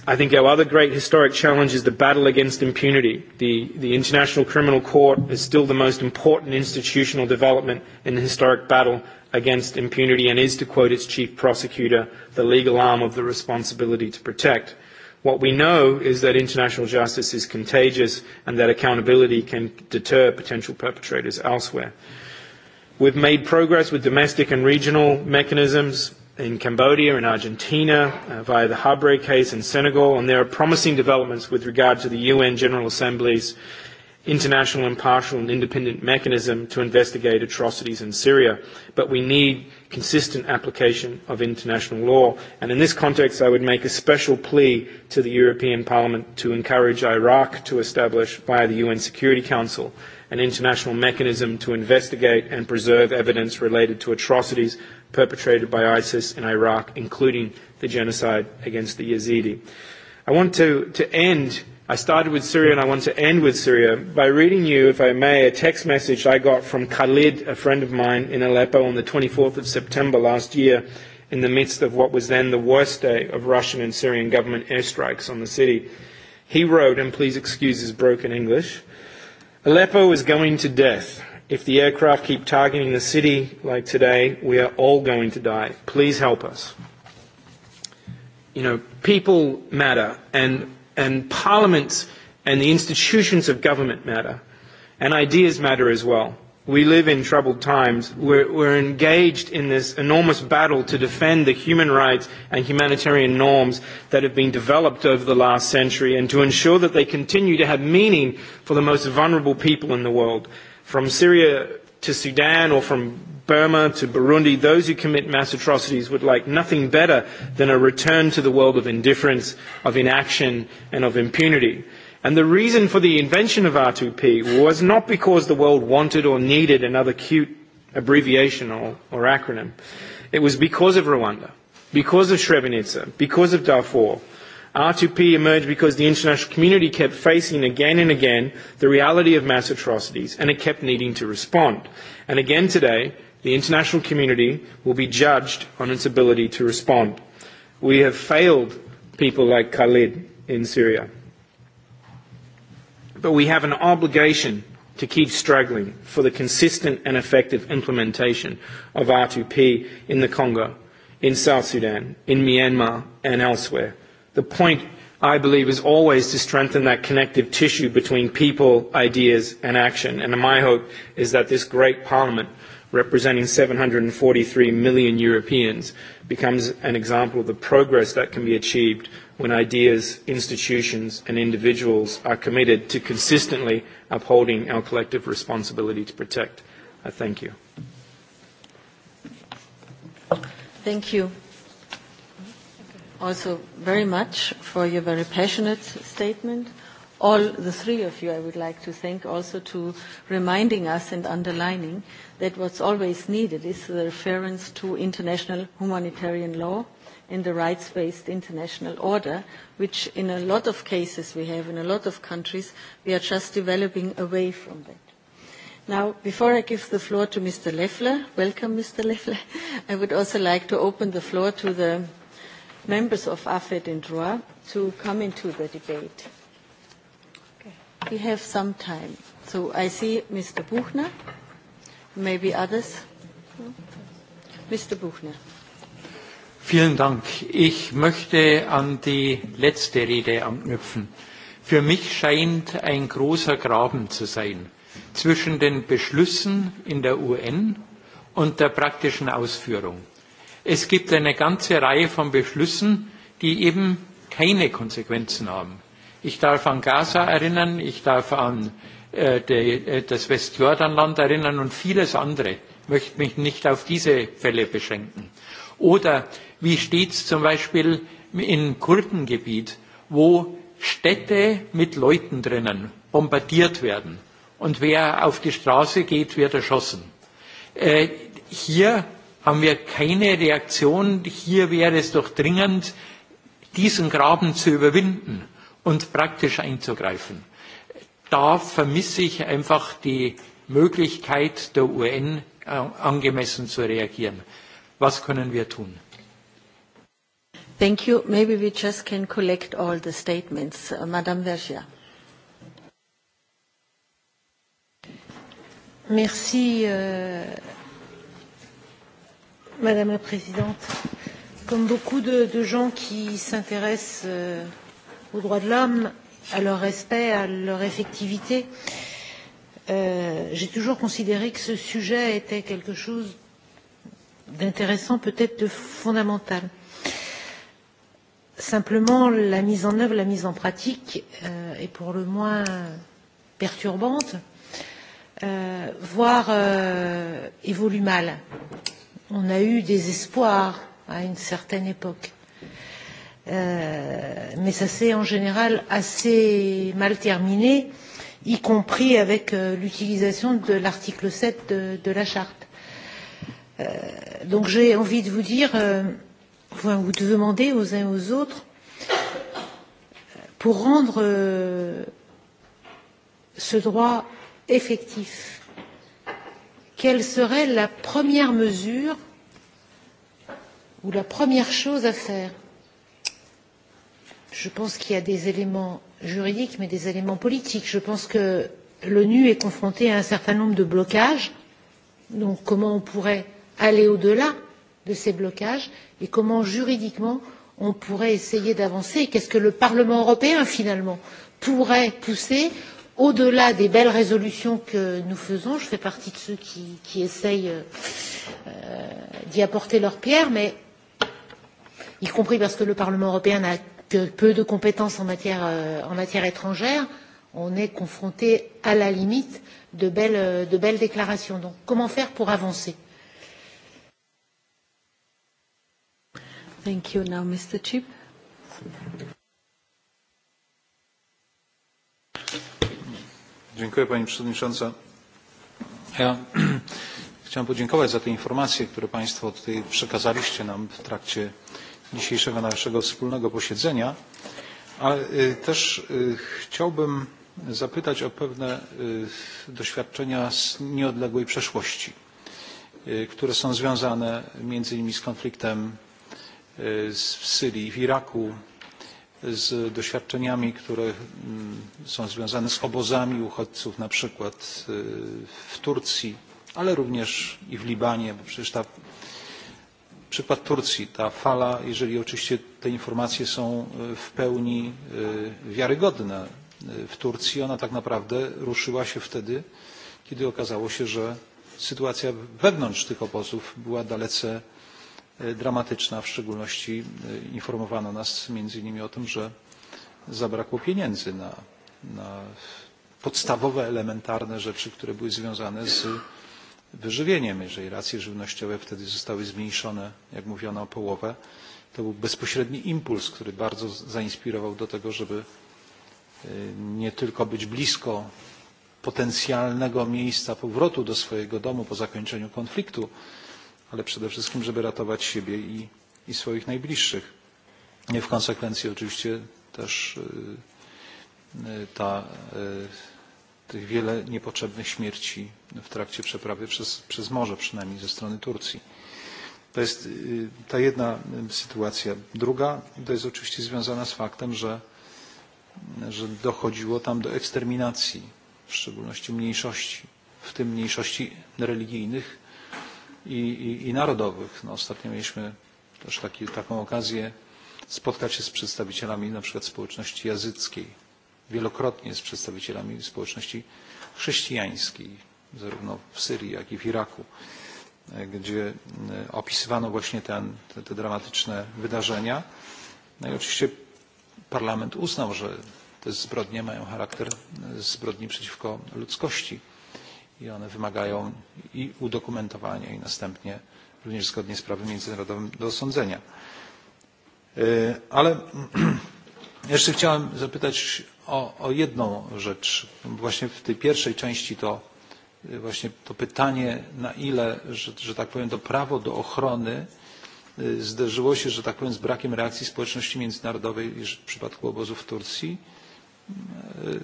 I think our other great historic challenge is the battle against impunity. The, the International Criminal Court is still the most important institutional development in the historic battle against impunity and is, to quote its chief prosecutor, the legal arm of the responsibility to protect. What we know is that international justice is contagious and that accountability can deter potential perpetrators elsewhere. We've made progress with domestic and regional mechanisms in Cambodia and Argentina uh, via the Habre case in Senegal, and there are promising developments with regard to the UN General Assembly's international impartial and independent mechanism to investigate atrocities in Syria. But we need consistent application of international law. And in this context, I would make a special plea to the European Parliament to encourage Iraq to establish, via the UN Security Council, an international mechanism to investigate and preserve evidence related to atrocities perpetrated by ISIS in Iraq, including the genocide against the Yazidi. I want to, to end, I started with Syria and I want to end with Syria by reading you, if I may, a text message I got from Khalid, a friend of mine in Aleppo on the 24th of September last year in the midst of what was then the worst day of Russian and Syrian government airstrikes on the city. He wrote, and please excuse his broken English, Aleppo is going to death. If the aircraft keep targeting the city like today, we are all going to die. Please help us. You know, people matter, and, and parliaments and the institutions of government matter, and ideas matter as well. We live in troubled times. We're, we're engaged in this enormous battle to defend the human rights and humanitarian norms that have been developed over the last century and to ensure that they continue to have meaning for the most vulnerable people in the world. From Syria to Sudan or from Burma to Burundi, those who commit mass atrocities would like nothing better than a return to the world of indifference, of inaction, and of impunity. And the reason for the invention of R2P was not because the world wanted or needed another cute abbreviation or, or acronym. It was because of Rwanda, because of Srebrenica, because of Darfur, R2P emerged because the international community kept facing again and again the reality of mass atrocities and it kept needing to respond. And again today, the international community will be judged on its ability to respond. We have failed people like Khalid in Syria. But we have an obligation to keep struggling for the consistent and effective implementation of R2P in the Congo, in South Sudan, in Myanmar, and elsewhere. The point, I believe, is always to strengthen that connective tissue between people, ideas, and action. And my hope is that this great parliament, representing 743 million Europeans, becomes an example of the progress that can be achieved when ideas, institutions, and individuals are committed to consistently upholding our collective responsibility to protect. I thank you. Thank you also very much for your very passionate statement. All the three of you, I would like to thank also to reminding us and underlining that what's always needed is the reference to international humanitarian law and the rights-based international order, which in a lot of cases we have, in a lot of countries, we are just developing away from that. Now, before I give the floor to Mr. Leffler, welcome Mr. Leffler, I would also like to open the floor to the members of AFED and ROA to come into the debate. Okay. We have some time. So I see Mr. Buchner, maybe others. Mr. Buchner. Vielen Dank. Ich möchte an die letzte Rede anknüpfen. Für mich scheint ein großer Graben zu sein zwischen den Beschlüssen in der UN und der praktischen Ausführung. Es gibt eine ganze Reihe von Beschlüssen, die eben keine Konsequenzen haben. Ich darf an Gaza erinnern, ich darf an äh, äh das Westjordanland erinnern und vieles andere. Ich möchte mich nicht auf diese Fälle beschränken. Oder wie steht es zum Beispiel im Kurdengebiet, wo Städte mit Leuten drinnen bombardiert werden und wer auf die Straße geht, wird erschossen. Äh, hier haben wir keine Reaktion. Hier wäre es doch dringend, diesen Graben zu überwinden und praktisch einzugreifen. Da vermisse ich einfach die Möglichkeit der UN äh, angemessen zu reagieren. Was können wir tun? Thank you. Maybe we just can collect all the statements. Uh, Madame Vergia. Merci. Euh Madame la Présidente, comme beaucoup de, gens qui s'intéressent euh, aux droits de l'homme, à leur respect, à leur effectivité, euh, j'ai toujours considéré que ce sujet était quelque chose d'intéressant, peut-être de fondamental. Simplement, la mise en œuvre, la mise en pratique euh, est pour le moins perturbante, voire évolue mal on a eu des espoirs à une certaine époque. Euh, mais ça s'est en général assez mal terminé, y compris avec euh, l'utilisation de l'article 7 de, de la charte. Euh, donc j'ai envie de vous dire, euh, enfin, vous demander aux uns et aux autres, pour rendre euh, ce droit effectif, quelle serait la première mesure ou la première chose à faire Je pense qu'il y a des éléments juridiques, mais des éléments politiques. Je pense que l'ONU est confrontée à un certain nombre de blocages. Donc comment on pourrait aller au-delà de ces blocages et comment juridiquement on pourrait essayer d'avancer Qu'est-ce que le Parlement européen finalement pourrait pousser au-delà des belles résolutions que nous faisons, je fais partie de ceux qui, qui essayent euh, euh, d'y apporter leur pierre, mais y compris parce que le Parlement européen n'a que peu de compétences en matière, euh, en matière étrangère, on est confronté à la limite de belles, euh, de belles déclarations. Donc comment faire pour avancer Thank you. Now, Mr. Chip. Dziękuję Pani Przewodnicząca. Ja chciałem podziękować za te informacje, które Państwo tutaj przekazaliście nam w trakcie dzisiejszego naszego wspólnego posiedzenia, ale też chciałbym zapytać o pewne doświadczenia z nieodległej przeszłości, które są związane między innymi z konfliktem w Syrii i w Iraku, z doświadczeniami, które mm, są związane z obozami uchodźców, na przykład w Turcji, ale również i w Libanie, bo przecież ta przykład Turcji, ta fala, jeżeli oczywiście te informacje są w pełni wiarygodne w Turcji, ona tak naprawdę ruszyła się wtedy, kiedy okazało się, że sytuacja wewnątrz tych obozów była dalece E, dramatyczna. W szczególności e, informowano nas między innymi o tym, że zabrakło pieniędzy na, na podstawowe, elementarne rzeczy, które były związane z wyżywieniem. Jeżeli racje żywnościowe wtedy zostały zmniejszone, jak mówiono, o połowę, to był bezpośredni impuls, który bardzo zainspirował do tego, żeby e, nie tylko być blisko potencjalnego miejsca powrotu do swojego domu po zakończeniu konfliktu, ale przede wszystkim, żeby ratować siebie i, i swoich najbliższych. W konsekwencji oczywiście też ta, tych wiele niepotrzebnych śmierci w trakcie przeprawy przez, przez morze, przynajmniej ze strony Turcji. To jest ta jedna sytuacja. Druga to jest oczywiście związana z faktem, że, że dochodziło tam do eksterminacji, w szczególności mniejszości, w tym mniejszości religijnych, i, i, i narodowych. No, ostatnio mieliśmy też taki, taką okazję spotkać się z przedstawicielami na przykład społeczności jazyckiej, wielokrotnie z przedstawicielami społeczności chrześcijańskiej, zarówno w Syrii, jak i w Iraku, e, gdzie e, opisywano właśnie ten, te, te dramatyczne wydarzenia. No i oczywiście parlament uznał, że te zbrodnie mają charakter e, zbrodni przeciwko ludzkości i one wymagają i udokumentowania i następnie również zgodnie z prawem międzynarodowym do osądzenia. E, ale jeszcze chciałem zapytać o, o jedną rzecz. Właśnie w tej pierwszej części to e, właśnie to pytanie, na ile, że, że tak powiem, to prawo do ochrony e, zderzyło się, że tak powiem, z brakiem reakcji społeczności międzynarodowej w przypadku obozów w Turcji E,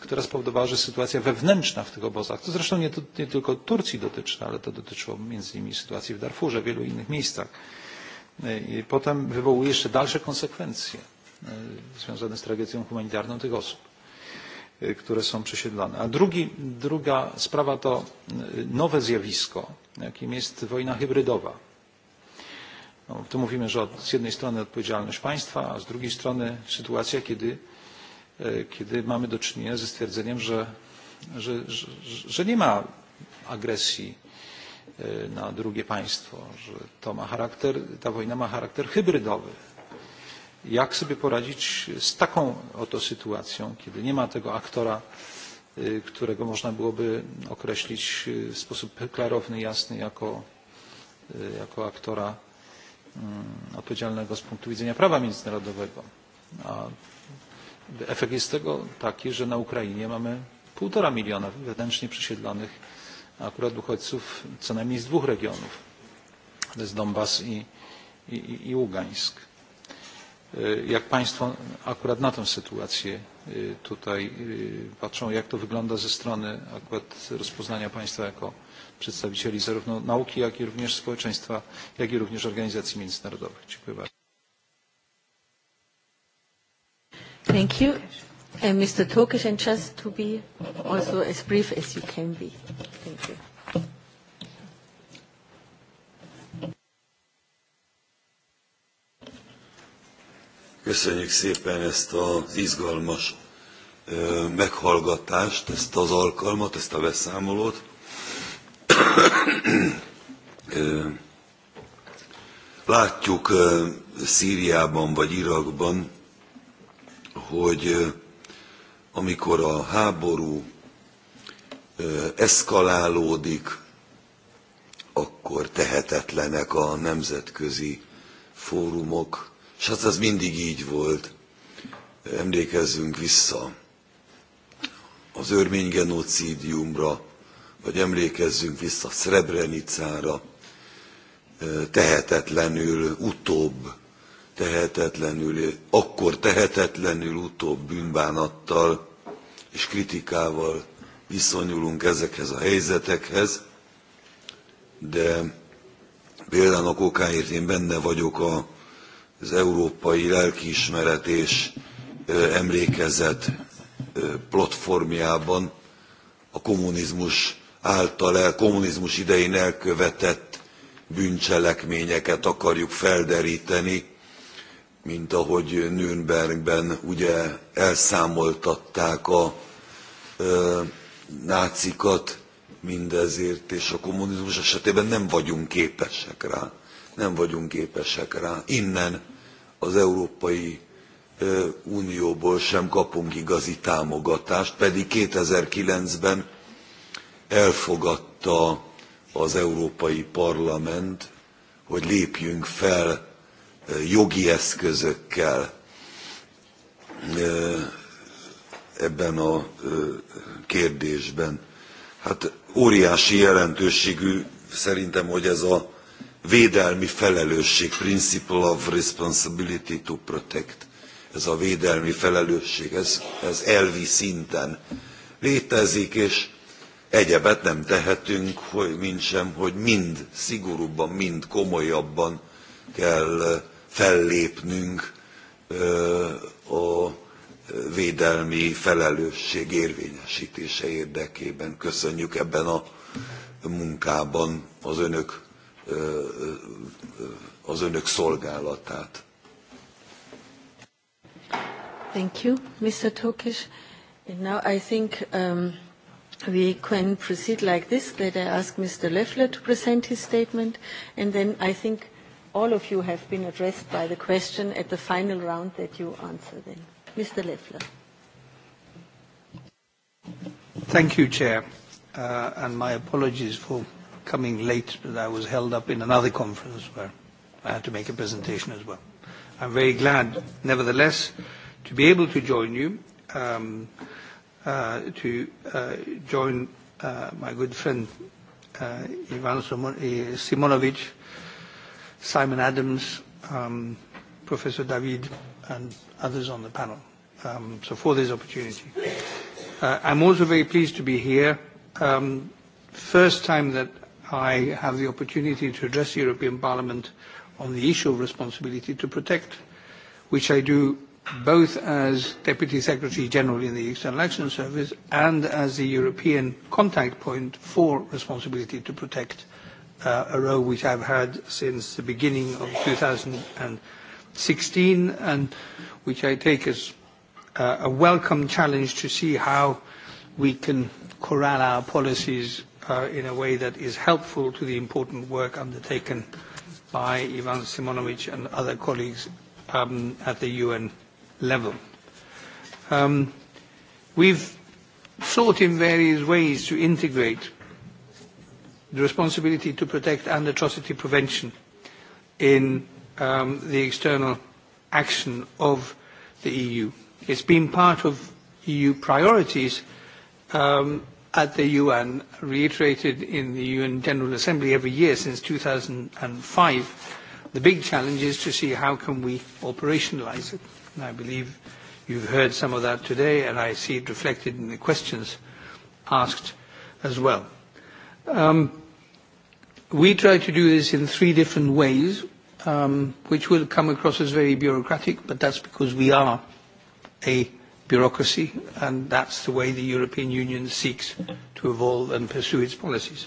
która spowodowała, że sytuacja wewnętrzna w tych obozach, to zresztą nie, nie tylko Turcji dotyczy, ale to dotyczyło między innymi sytuacji w Darfurze, w wielu innych miejscach, e, i potem wywołuje jeszcze dalsze konsekwencje e, związane z tragedią humanitarną tych osób, które są przesiedlane. A drugi, druga sprawa to nowe zjawisko, jakim jest wojna hybrydowa. No, tu mówimy, że od, z jednej strony odpowiedzialność państwa, a z drugiej strony sytuacja, kiedy E, kiedy mamy do czynienia ze stwierdzeniem, że, że, że, że nie ma agresji e, na drugie państwo, że to ma charakter, ta wojna ma charakter hybrydowy. Jak sobie poradzić z taką oto sytuacją, kiedy nie ma tego aktora, e, którego można byłoby określić w sposób klarowny, jasny jako, jako aktora mm, odpowiedzialnego z punktu widzenia prawa międzynarodowego. A efekt jest tego taki, że na Ukrainie mamy półtora miliona wewnętrznie przesiedlonych akurat uchodźców co najmniej z dwóch regionów. To jest Donbas i, i, i Ługańsk. Jak Państwo akurat na tę sytuację tutaj patrzą, jak to wygląda ze strony akurat rozpoznania Państwa jako przedstawicieli zarówno nauki, jak i również społeczeństwa, jak i również organizacji międzynarodowych. Dziękuję bardzo. Thank you. And Mr. Tokish, and just to be also as brief as you can be. Thank you. Köszönjük szépen ezt az izgalmas ö, meghallgatást, ezt az alkalmat, ezt a beszámolót. ö, látjuk ö, Szíriában vagy Irakban, hogy amikor a háború eszkalálódik, akkor tehetetlenek a nemzetközi fórumok, és hát ez mindig így volt. Emlékezzünk vissza az örmény genocídiumra, vagy emlékezzünk vissza Srebrenicára, tehetetlenül utóbb tehetetlenül, akkor tehetetlenül utóbb bűnbánattal és kritikával viszonyulunk ezekhez a helyzetekhez, de például a kokáért én benne vagyok a, az európai lelkiismeret és emlékezet platformjában a kommunizmus által el, kommunizmus idején elkövetett bűncselekményeket akarjuk felderíteni, mint ahogy Nürnbergben ugye elszámoltatták a ö, nácikat mindezért, és a kommunizmus esetében nem vagyunk képesek rá. Nem vagyunk képesek rá. Innen az Európai ö, Unióból sem kapunk igazi támogatást, pedig 2009-ben elfogadta az Európai Parlament, hogy lépjünk fel jogi eszközökkel ebben a kérdésben. Hát óriási jelentőségű szerintem, hogy ez a védelmi felelősség, principle of responsibility to protect, ez a védelmi felelősség, ez, ez elvi szinten létezik, és egyebet nem tehetünk, hogy mintsem, hogy mind szigorúbban, mind komolyabban kell uh, fellépnünk a védelmi felelősség érvényesítése érdekében. Köszönjük ebben a munkában az önök, az önök szolgálatát. Thank you, Mr. Tokish. And now I think um, we can proceed like this, that I ask Mr. Leffler to present his statement, and then I think all of you have been addressed by the question at the final round that you answer then. Mr. Leffler. Thank you, Chair, uh, and my apologies for coming late, but I was held up in another conference where I had to make a presentation as well. I'm very glad, nevertheless, to be able to join you, um, uh, to uh, join uh, my good friend uh, Ivan uh, Simonovic Simon Adams, um, Professor David, and others on the panel. Um, so for this opportunity. Uh, I'm also very pleased to be here. Um, first time that I have the opportunity to address the European Parliament on the issue of responsibility to protect, which I do both as Deputy Secretary General in the External Action Service and as the European contact point for responsibility to protect Uh, a row which I've had since the beginning of 2016 and which I take as uh, a welcome challenge to see how we can corral our policies uh, in a way that is helpful to the important work undertaken by Ivan Simonovic and other colleagues um, at the UN level. Um, we've sought in various ways to integrate the responsibility to protect and atrocity prevention in um, the external action of the EU. It's been part of EU priorities um, at the UN, reiterated in the UN General Assembly every year since 2005. The big challenge is to see how can we operationalize it. And I believe you've heard some of that today, and I see it reflected in the questions asked as well. Um, We try to do this in three different ways, um, which will come across as very bureaucratic, but that's because we are a bureaucracy, and that's the way the European Union seeks to evolve and pursue its policies.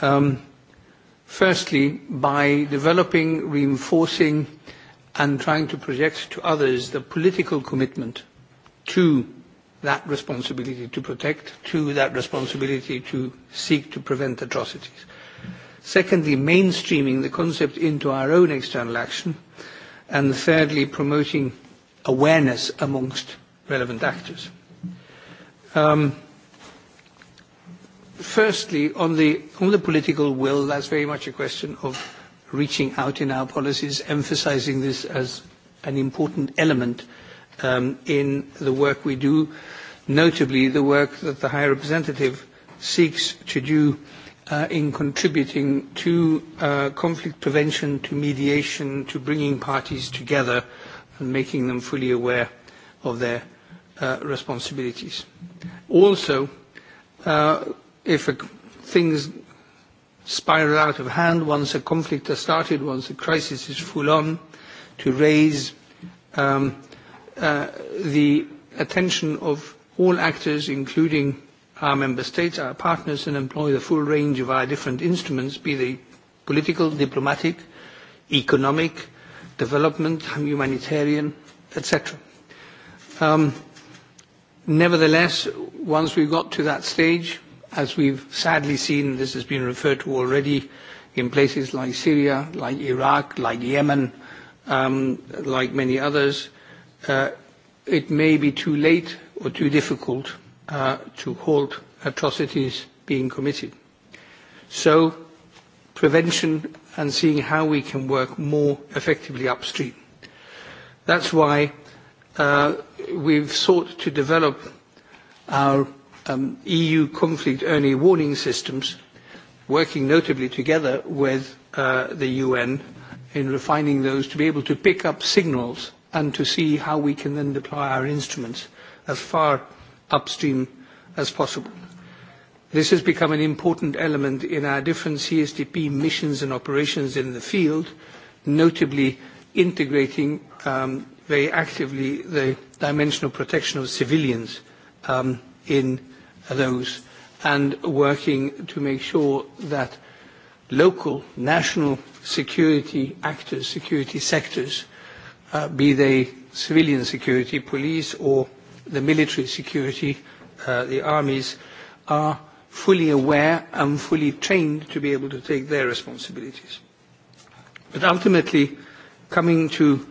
Um, firstly, by developing, reinforcing, and trying to project to others the political commitment to that responsibility to protect, to that responsibility to seek to prevent atrocities. Secondly, mainstreaming the concept into our own external action. And thirdly, promoting awareness amongst relevant actors. Um, firstly, on the, on the political will, that's very much a question of reaching out in our policies, emphasizing this as an important element um, in the work we do, notably the work that the High Representative seeks to do Uh, in contributing to uh, conflict prevention, to mediation, to bringing parties together and making them fully aware of their uh, responsibilities. Also, uh, if a, things spiral out of hand, once a conflict has started, once a crisis is full on, to raise um, uh, the attention of all actors, including Our member states, our partners, and employ the full range of our different instruments, be they political, diplomatic, economic, development, humanitarian, etc. Um, nevertheless, once we've got to that stage, as we've sadly seen, this has been referred to already in places like Syria, like Iraq, like Yemen, um, like many others, uh, it may be too late or too difficult uh, to halt atrocities being committed. So prevention and seeing how we can work more effectively upstream. That's why uh, we've sought to develop our um, EU conflict early warning systems, working notably together with uh, the UN in refining those to be able to pick up signals and to see how we can then deploy our instruments as far upstream as possible. This has become an important element in our different CSDP missions and operations in the field, notably integrating um, very actively the dimension of protection of civilians um, in those and working to make sure that local, national security actors, security sectors, uh, be they civilian security, police or the military security, uh, the armies, are fully aware and fully trained to be able to take their responsibilities. But ultimately, coming to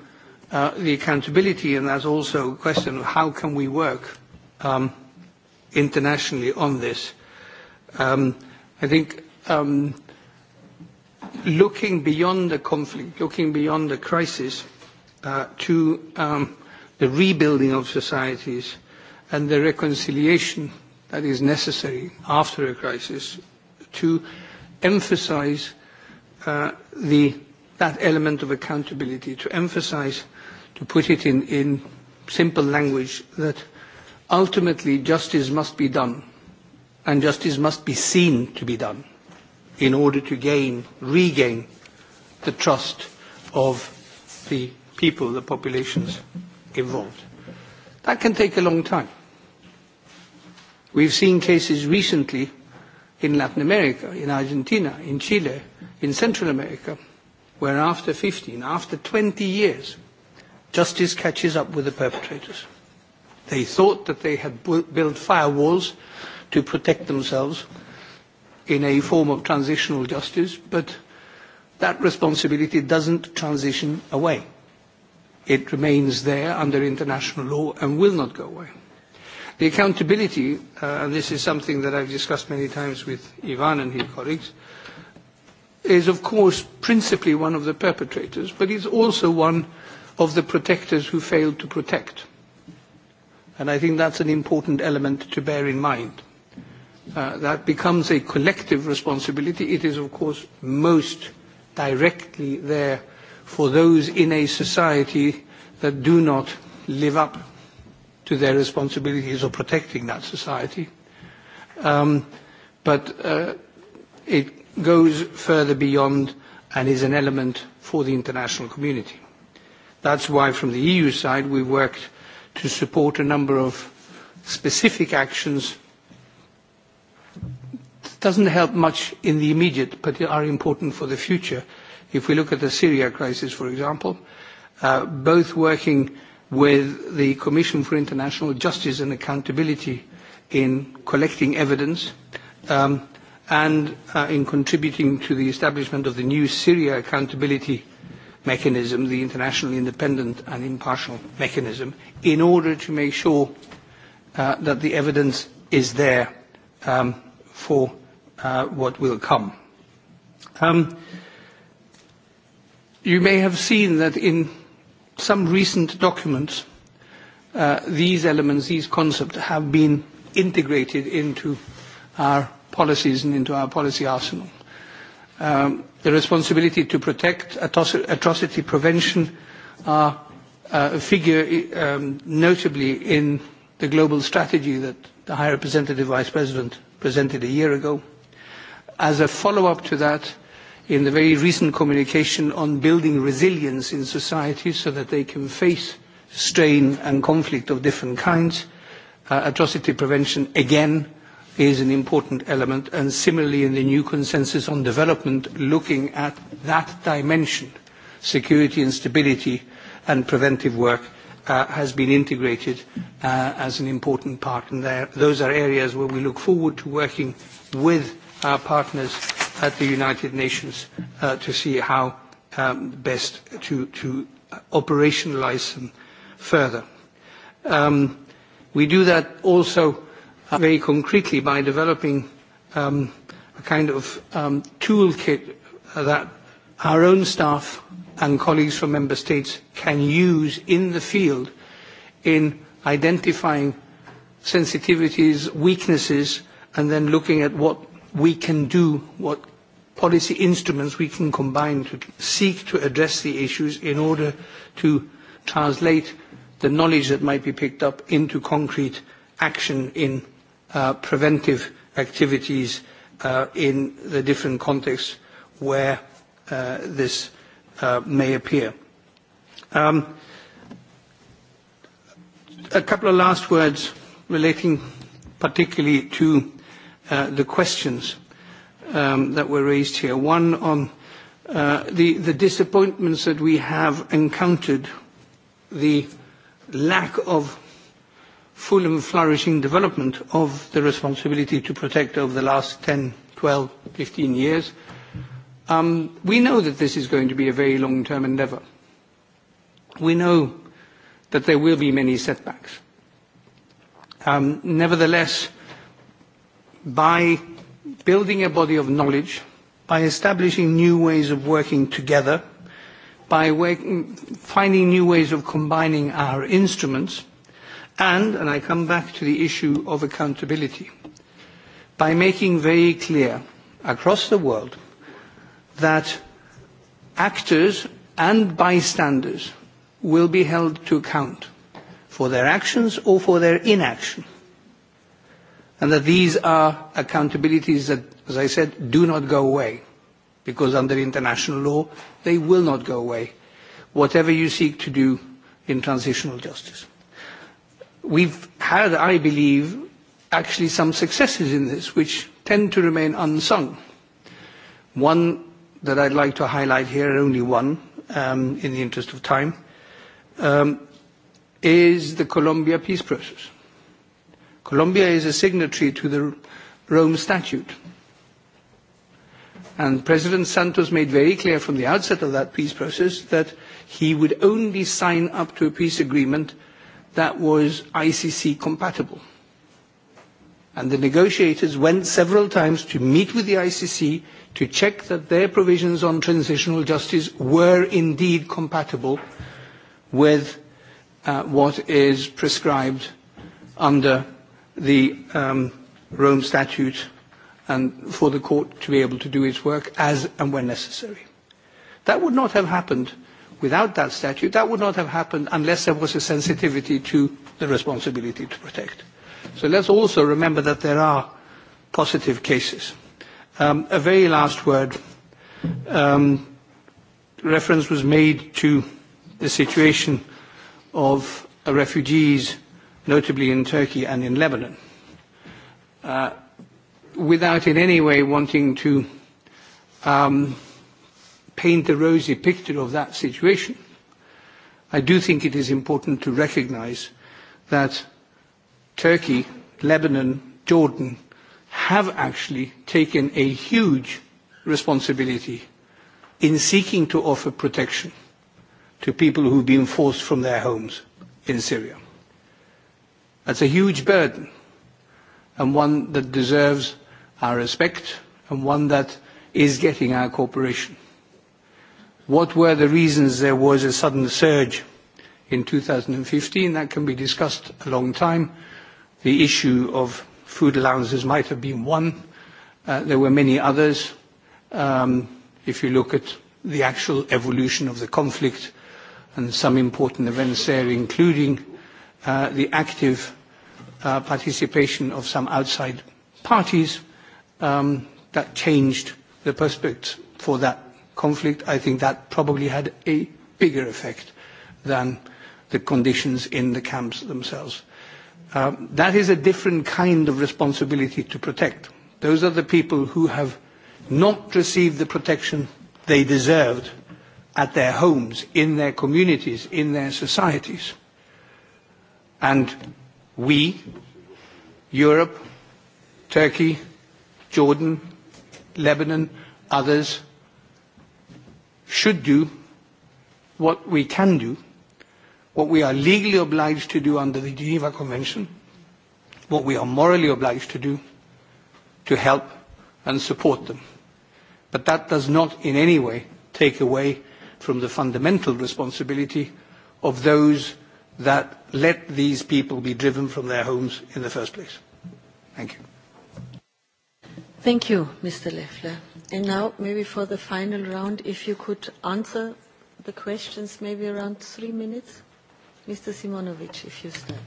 uh, the accountability, and that's also a question of how can we work um, internationally on this. Um, I think um, looking beyond the conflict, looking beyond the crisis, uh, to um, the rebuilding of societies and the reconciliation that is necessary after a crisis to emphasize uh, the, that element of accountability, to emphasize, to put it in, in simple language, that ultimately justice must be done and justice must be seen to be done in order to gain, regain the trust of the people, the populations involved. That can take a long time. We've seen cases recently in Latin America, in Argentina, in Chile, in Central America, where after 15, after 20 years, justice catches up with the perpetrators. They thought that they had built firewalls to protect themselves in a form of transitional justice, but that responsibility doesn't transition away. It remains there under international law and will not go away. The accountability, uh, and this is something that I've discussed many times with Ivan and his colleagues, is of course principally one of the perpetrators, but it's also one of the protectors who failed to protect. And I think that's an important element to bear in mind. Uh, that becomes a collective responsibility. It is, of course, most directly there for those in a society that do not live up to their responsibilities of protecting that society. Um, but uh, it goes further beyond and is an element for the international community. That's why from the EU side we worked to support a number of specific actions doesn't help much in the immediate but are important for the future If we look at the Syria crisis, for example, uh, both working with the Commission for International Justice and Accountability in collecting evidence um, and uh, in contributing to the establishment of the new Syria accountability mechanism, the international independent and impartial mechanism, in order to make sure uh, that the evidence is there um, for uh, what will come. Um, You may have seen that in some recent documents, uh, these elements, these concepts have been integrated into our policies and into our policy arsenal. Um, the responsibility to protect atrocity prevention are uh, figure um, notably in the global strategy that the High Representative Vice President presented a year ago. As a follow-up to that, in the very recent communication on building resilience in societies so that they can face strain and conflict of different kinds. Uh, atrocity prevention, again, is an important element, and similarly in the new consensus on development, looking at that dimension, security and stability and preventive work, uh, has been integrated uh, as an important part. And there, those are areas where we look forward to working with our partners at the United Nations uh, to see how um, best to, to operationalize them further. Um, we do that also uh, very concretely by developing um, a kind of um, toolkit that our own staff and colleagues from member states can use in the field in identifying sensitivities, weaknesses, and then looking at what we can do, what policy instruments we can combine to seek to address the issues in order to translate the knowledge that might be picked up into concrete action in uh, preventive activities uh, in the different contexts where uh, this uh, may appear. Um, a couple of last words relating particularly to Uh, the questions um, that were raised here. One on uh, the, the disappointments that we have encountered, the lack of full and flourishing development of the responsibility to protect over the last 10, 12, 15 years. Um, we know that this is going to be a very long-term endeavor. We know that there will be many setbacks. Um, nevertheless, by building a body of knowledge, by establishing new ways of working together, by finding new ways of combining our instruments, and, and I come back to the issue of accountability, by making very clear across the world that actors and bystanders will be held to account for their actions or for their inaction and that these are accountabilities that, as I said, do not go away, because under international law, they will not go away, whatever you seek to do in transitional justice. We've had, I believe, actually some successes in this, which tend to remain unsung. One that I'd like to highlight here, only one, um, in the interest of time, um, is the Colombia peace process Colombia is a signatory to the Rome Statute. And President Santos made very clear from the outset of that peace process that he would only sign up to a peace agreement that was ICC compatible. And the negotiators went several times to meet with the ICC to check that their provisions on transitional justice were indeed compatible with uh, what is prescribed under the um, Rome Statute and for the court to be able to do its work as and when necessary. That would not have happened without that statute. That would not have happened unless there was a sensitivity to the responsibility to protect. So let's also remember that there are positive cases. Um, a very last word. Um, reference was made to the situation of refugees notably in Turkey and in Lebanon, uh, without in any way wanting to um, paint a rosy picture of that situation, I do think it is important to recognize that Turkey, Lebanon, Jordan have actually taken a huge responsibility in seeking to offer protection to people who've been forced from their homes in Syria. That's a huge burden and one that deserves our respect and one that is getting our cooperation. What were the reasons there was a sudden surge in 2015? That can be discussed a long time. The issue of food allowances might have been one. Uh, there were many others. Um, if you look at the actual evolution of the conflict and some important events there, including uh, the active Uh, participation of some outside parties um, that changed the prospects for that conflict. I think that probably had a bigger effect than the conditions in the camps themselves. Um, that is a different kind of responsibility to protect. Those are the people who have not received the protection they deserved at their homes, in their communities, in their societies. And we, Europe, Turkey, Jordan, Lebanon, others, should do what we can do, what we are legally obliged to do under the Geneva Convention, what we are morally obliged to do to help and support them. But that does not in any way take away from the fundamental responsibility of those that let these people be driven from their homes in the first place. Thank you. Thank you, Mr. Leffler. And now, maybe for the final round, if you could answer the questions, maybe around three minutes. Mr. Simonovic, if you start.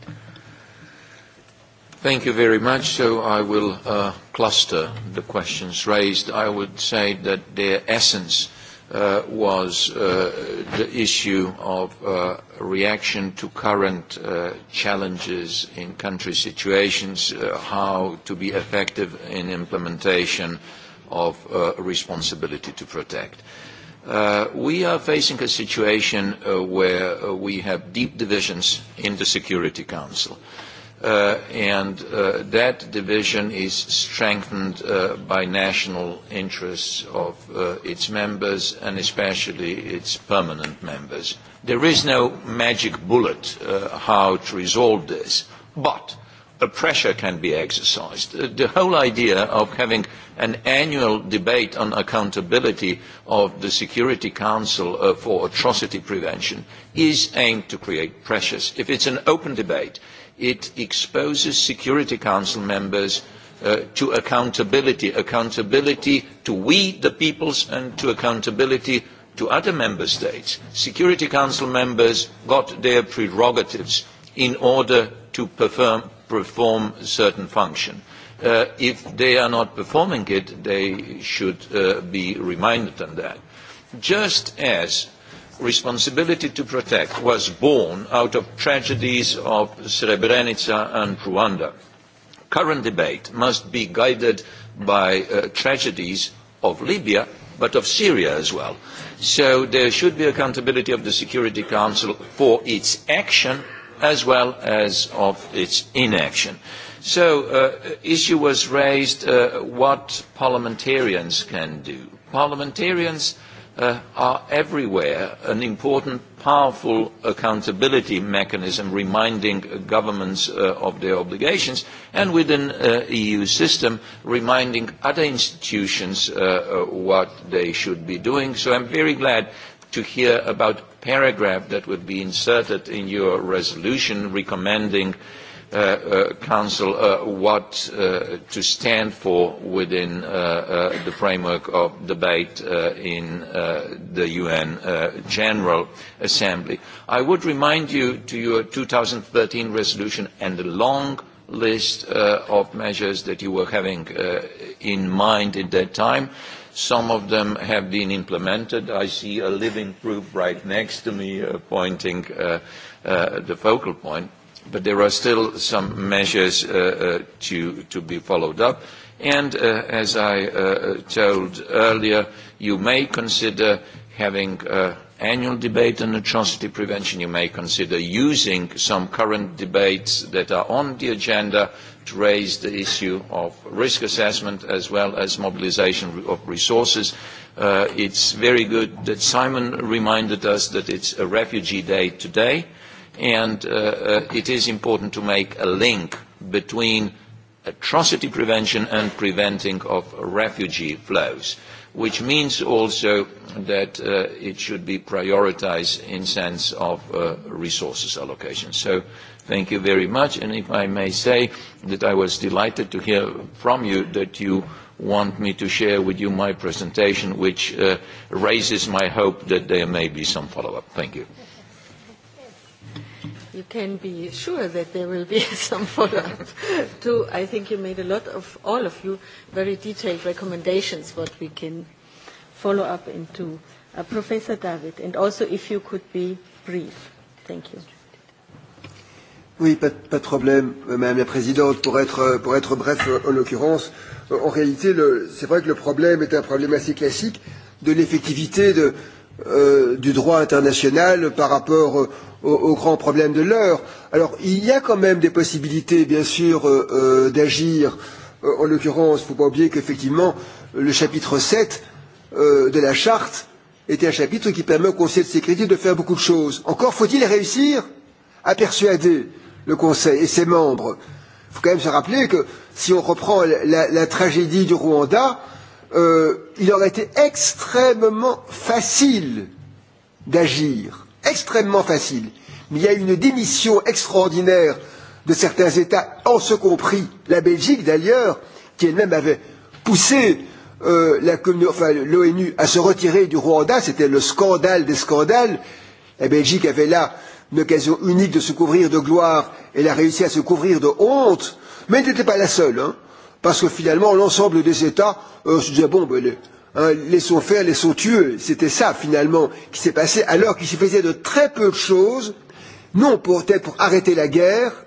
Thank you very much. So I will uh, cluster the questions raised. I would say that their essence Uh, was uh, the issue of uh, reaction to current uh, challenges in country situations, uh, how to be effective in implementation of uh, responsibility to protect. Uh, we are facing a situation uh, where uh, we have deep divisions in the Security Council. Uh, uh, and uh, that division is strengthened uh, by national interests of uh, its members and especially its permanent members. There is no magic bullet uh, how to resolve this, but a pressure can be exercised. Uh, the whole idea of having an annual debate on accountability of the Security Council uh, for atrocity prevention is aimed to create pressures. If it's an open debate, it exposes Security Council members Uh, to accountability, accountability to we, the peoples, and to accountability to other member states. Security Council members got their prerogatives in order to perform, perform a certain function. Uh, if they are not performing it, they should uh, be reminded on that. Just as responsibility to protect was born out of tragedies of Srebrenica and Rwanda. Current debate must be guided by uh, tragedies of Libya, but of Syria as well. So there should be accountability of the Security Council for its action as well as of its inaction. So uh, issue was raised uh, what parliamentarians can do. Parliamentarians uh, are everywhere an important, powerful accountability mechanism reminding uh, governments uh, of their obligations and within the uh, EU system reminding other institutions uh, uh, what they should be doing. So I'm very glad to hear about paragraph that would be inserted in your resolution recommending uh, Uh, uh, council uh, what uh, to stand for within uh, uh, the framework of debate uh, in uh, the UN uh, General Assembly. I would remind you to your 2013 resolution and the long list uh, of measures that you were having uh, in mind at that time. Some of them have been implemented. I see a living proof right next to me uh, pointing uh, uh, the focal point. But there are still some measures uh, uh, to, to be followed up. And uh, as I uh, told earlier, you may consider having uh, annual debate on atrocity prevention. You may consider using some current debates that are on the agenda to raise the issue of risk assessment as well as mobilization of resources. Uh, it's very good that Simon reminded us that it's a refugee day today. Uh, and uh, uh, it is important to make a link between atrocity prevention and preventing of refugee flows, which means also that uh, it should be prioritized in sense of uh, resources allocation. So thank you very much, and if I may say that I was delighted to hear from you that you want me to share with you my presentation, which uh, raises my hope that there may be some follow-up. Thank you you can be sure that there will be some follow-up. to, I think you made a lot of, all of you, very detailed recommendations what we can follow up into. Uh, Professor David, and also if you could be brief. Thank you. Oui, pas, pas de problème, euh, Madame la Présidente. Pour être, euh, pour être bref, euh, en l'occurrence, en réalité, c'est vrai que le problème est un problème assez classique de l'effectivité de, Euh, du droit international par rapport aux, euh, aux grands problèmes de l'heure. Alors il y a quand même des possibilités, bien sûr, euh, euh d'agir. En l'occurrence, il ne faut pas oublier qu'effectivement, le chapitre 7 euh, de la charte était un chapitre qui permet au Conseil de sécurité de faire beaucoup de choses. Encore faut-il réussir à persuader le Conseil et ses membres. Il faut quand même se rappeler que si on reprend la, la, la tragédie du Rwanda, euh, euh, il aurait été extrêmement facile d'agir, extrêmement facile. Mais il y a une démission extraordinaire de certains États, en ce compris la Belgique d'ailleurs, qui elle-même avait poussé euh, l'ONU enfin, à se retirer du Rwanda, c'était le scandale des scandales. La Belgique avait là une occasion unique de se couvrir de gloire, elle a réussi à se couvrir de honte, mais elle n'était pas la seule. Hein. Euh, parce que finalement l'ensemble des États euh, se disaient bon ben, les, hein, laissons faire, laissons tuer. C'était ça finalement qui s'est passé alors qu'il se faisait de très peu de choses, non peut-être pour arrêter la guerre,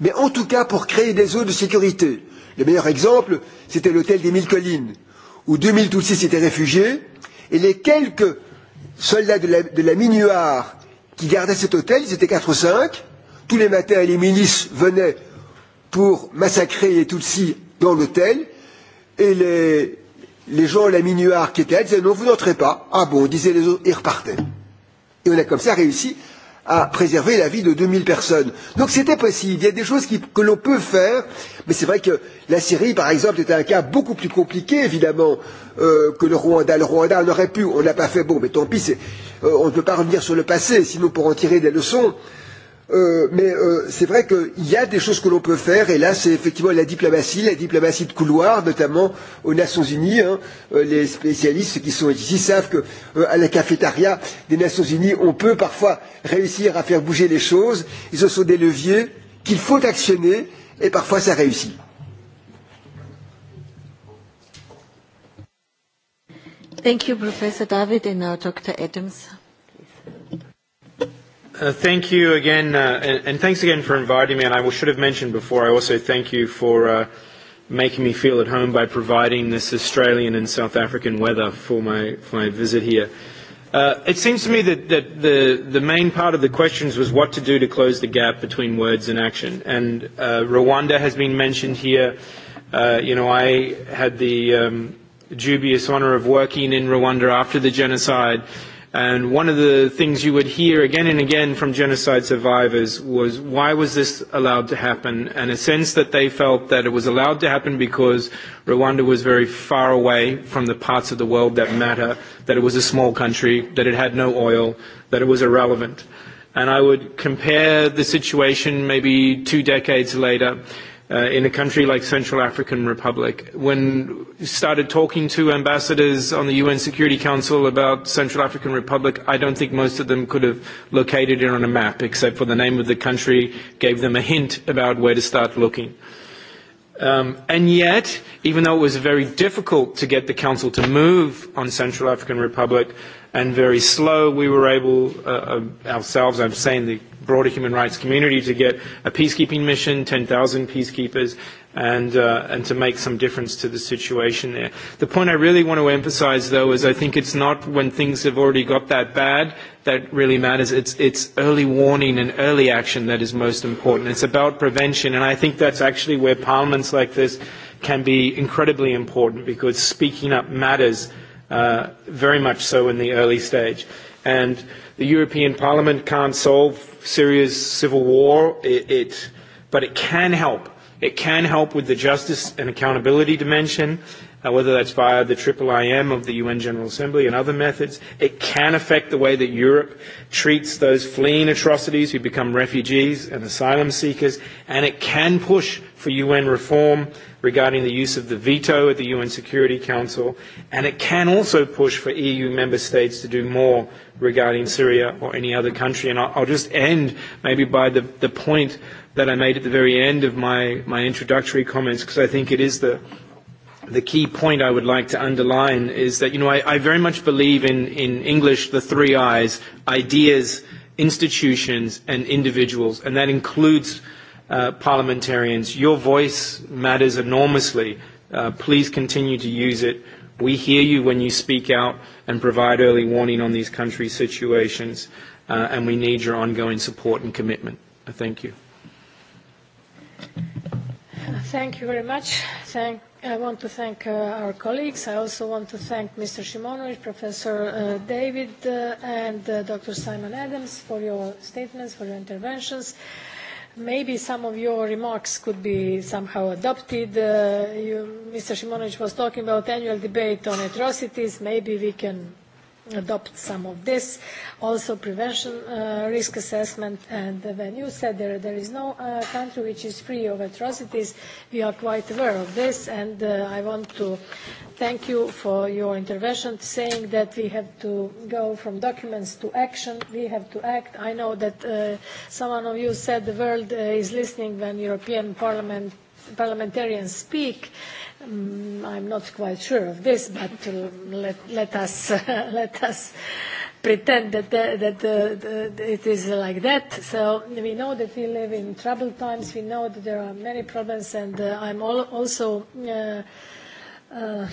mais en tout cas pour créer des zones de sécurité. Le meilleur exemple, c'était l'hôtel des Mille Collines, où 2000 Tutsis étaient réfugiés, et les quelques soldats de la, de la Minuar qui gardaient cet hôtel, ils étaient quatre ou cinq, tous les matins les milices venaient pour massacrer les Tutsis dans l'hôtel. Et les, les gens la minuard qui étaient là disaient non, vous n'entrez pas. Ah bon, disaient les autres, ils repartaient. Et on a comme ça réussi à préserver la vie de 2000 personnes. Donc c'était possible. Il y a des choses qui, que l'on peut faire, mais c'est vrai que la Syrie, par exemple, était un cas beaucoup plus compliqué, évidemment, euh, que le Rwanda. Le Rwanda, on aurait pu, on ne l'a pas fait. Bon, mais tant pis, euh, on ne peut pas revenir sur le passé, sinon pour en tirer des leçons. Euh, Euh, mais euh, c'est vrai qu'il y a des choses que l'on peut faire, et là c'est effectivement la diplomatie, la diplomatie de couloir, notamment aux Nations Unies. Hein, euh, les spécialistes qui sont ici savent que euh, à la cafétéria des Nations Unies, on peut parfois réussir à faire bouger les choses. Et ce sont des leviers qu'il faut actionner, et parfois ça réussit. Thank you, Professor David, and now Dr. Adams. Uh, thank you again, uh, and, and thanks again for inviting me. And I should have mentioned before, I also thank you for uh, making me feel at home by providing this Australian and South African weather for my, for my visit here. Uh, it seems to me that, that the, the main part of the questions was what to do to close the gap between words and action. And uh, Rwanda has been mentioned here. Uh, you know, I had the um, dubious honor of working in Rwanda after the genocide And one of the things you would hear again and again from genocide survivors was why was this allowed to happen? And a sense that they felt that it was allowed to happen because Rwanda was very far away from the parts of the world that matter, that it was a small country, that it had no oil, that it was irrelevant. And I would compare the situation maybe two decades later Uh, in a country like Central African Republic. When started talking to ambassadors on the UN Security Council about Central African Republic, I don't think most of them could have located it on a map, except for the name of the country, gave them a hint about where to start looking. Um, and yet, even though it was very difficult to get the Council to move on Central African Republic, and very slow, we were able uh, um, ourselves, I'm saying the broader human rights community, to get a peacekeeping mission, 10,000 peacekeepers, and, uh, and to make some difference to the situation there. The point I really want to emphasize, though, is I think it's not when things have already got that bad that really matters. It's, it's early warning and early action that is most important. It's about prevention, and I think that's actually where parliaments like this can be incredibly important because speaking up matters Uh, very much so in the early stage. And the European Parliament can't solve Syria's civil war, it, it, but it can help. It can help with the justice and accountability dimension uh, whether that's via the triple IM of the UN General Assembly and other methods. It can affect the way that Europe treats those fleeing atrocities who become refugees and asylum seekers, and it can push for UN reform regarding the use of the veto at the UN Security Council, and it can also push for EU member states to do more regarding Syria or any other country. And I'll, I'll just end maybe by the, the point that I made at the very end of my, my introductory comments, because I think it is the, the key point I would like to underline is that, you know, I, I very much believe in, in English, the three I's, ideas, institutions, and individuals, and that includes uh, parliamentarians. Your voice matters enormously. Uh, please continue to use it. We hear you when you speak out and provide early warning on these country situations, uh, and we need your ongoing support and commitment. Thank you. Thank you very much. Thank I want to thank uh, our colleagues. I also want to thank Mr. Shimonovich, Professor uh, David, uh, and uh, Dr. Simon Adams for your statements, for your interventions. Maybe some of your remarks could be somehow adopted. Uh, you, Mr. Shimonovich was talking about annual debate on atrocities. Maybe we can adopt some of this. Also prevention uh, risk assessment and when you said there, there is no uh, country which is free of atrocities, we are quite aware of this and uh, I want to thank you for your intervention saying that we have to go from documents to action, we have to act. I know that uh, someone of you said the world uh, is listening when European Parliament parliamentarians speak. Um, I'm not quite sure of this, but uh, let, let us uh, let us pretend that the, that the, the, it is like that. So we know that we live in troubled times. We know that there are many problems, and uh, I'm also. Uh, Uh,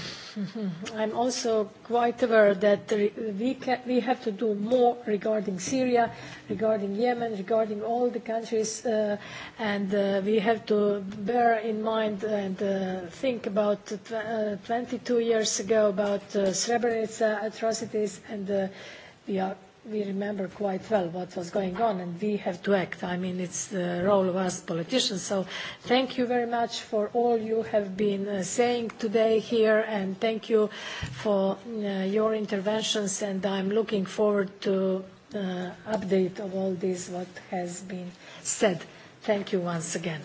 I'm also quite aware that we, can, we have to do more regarding Syria, regarding Yemen, regarding all the countries, uh, and uh, we have to bear in mind and uh, think about uh, 22 years ago about uh, Srebrenica atrocities, and uh, we are we remember quite well what was going on and we have to act. I mean, it's the role of us politicians. So thank you very much for all you have been uh, saying today here and thank you for uh, your interventions and I'm looking forward to uh, update of all this what has been said. Thank you once again.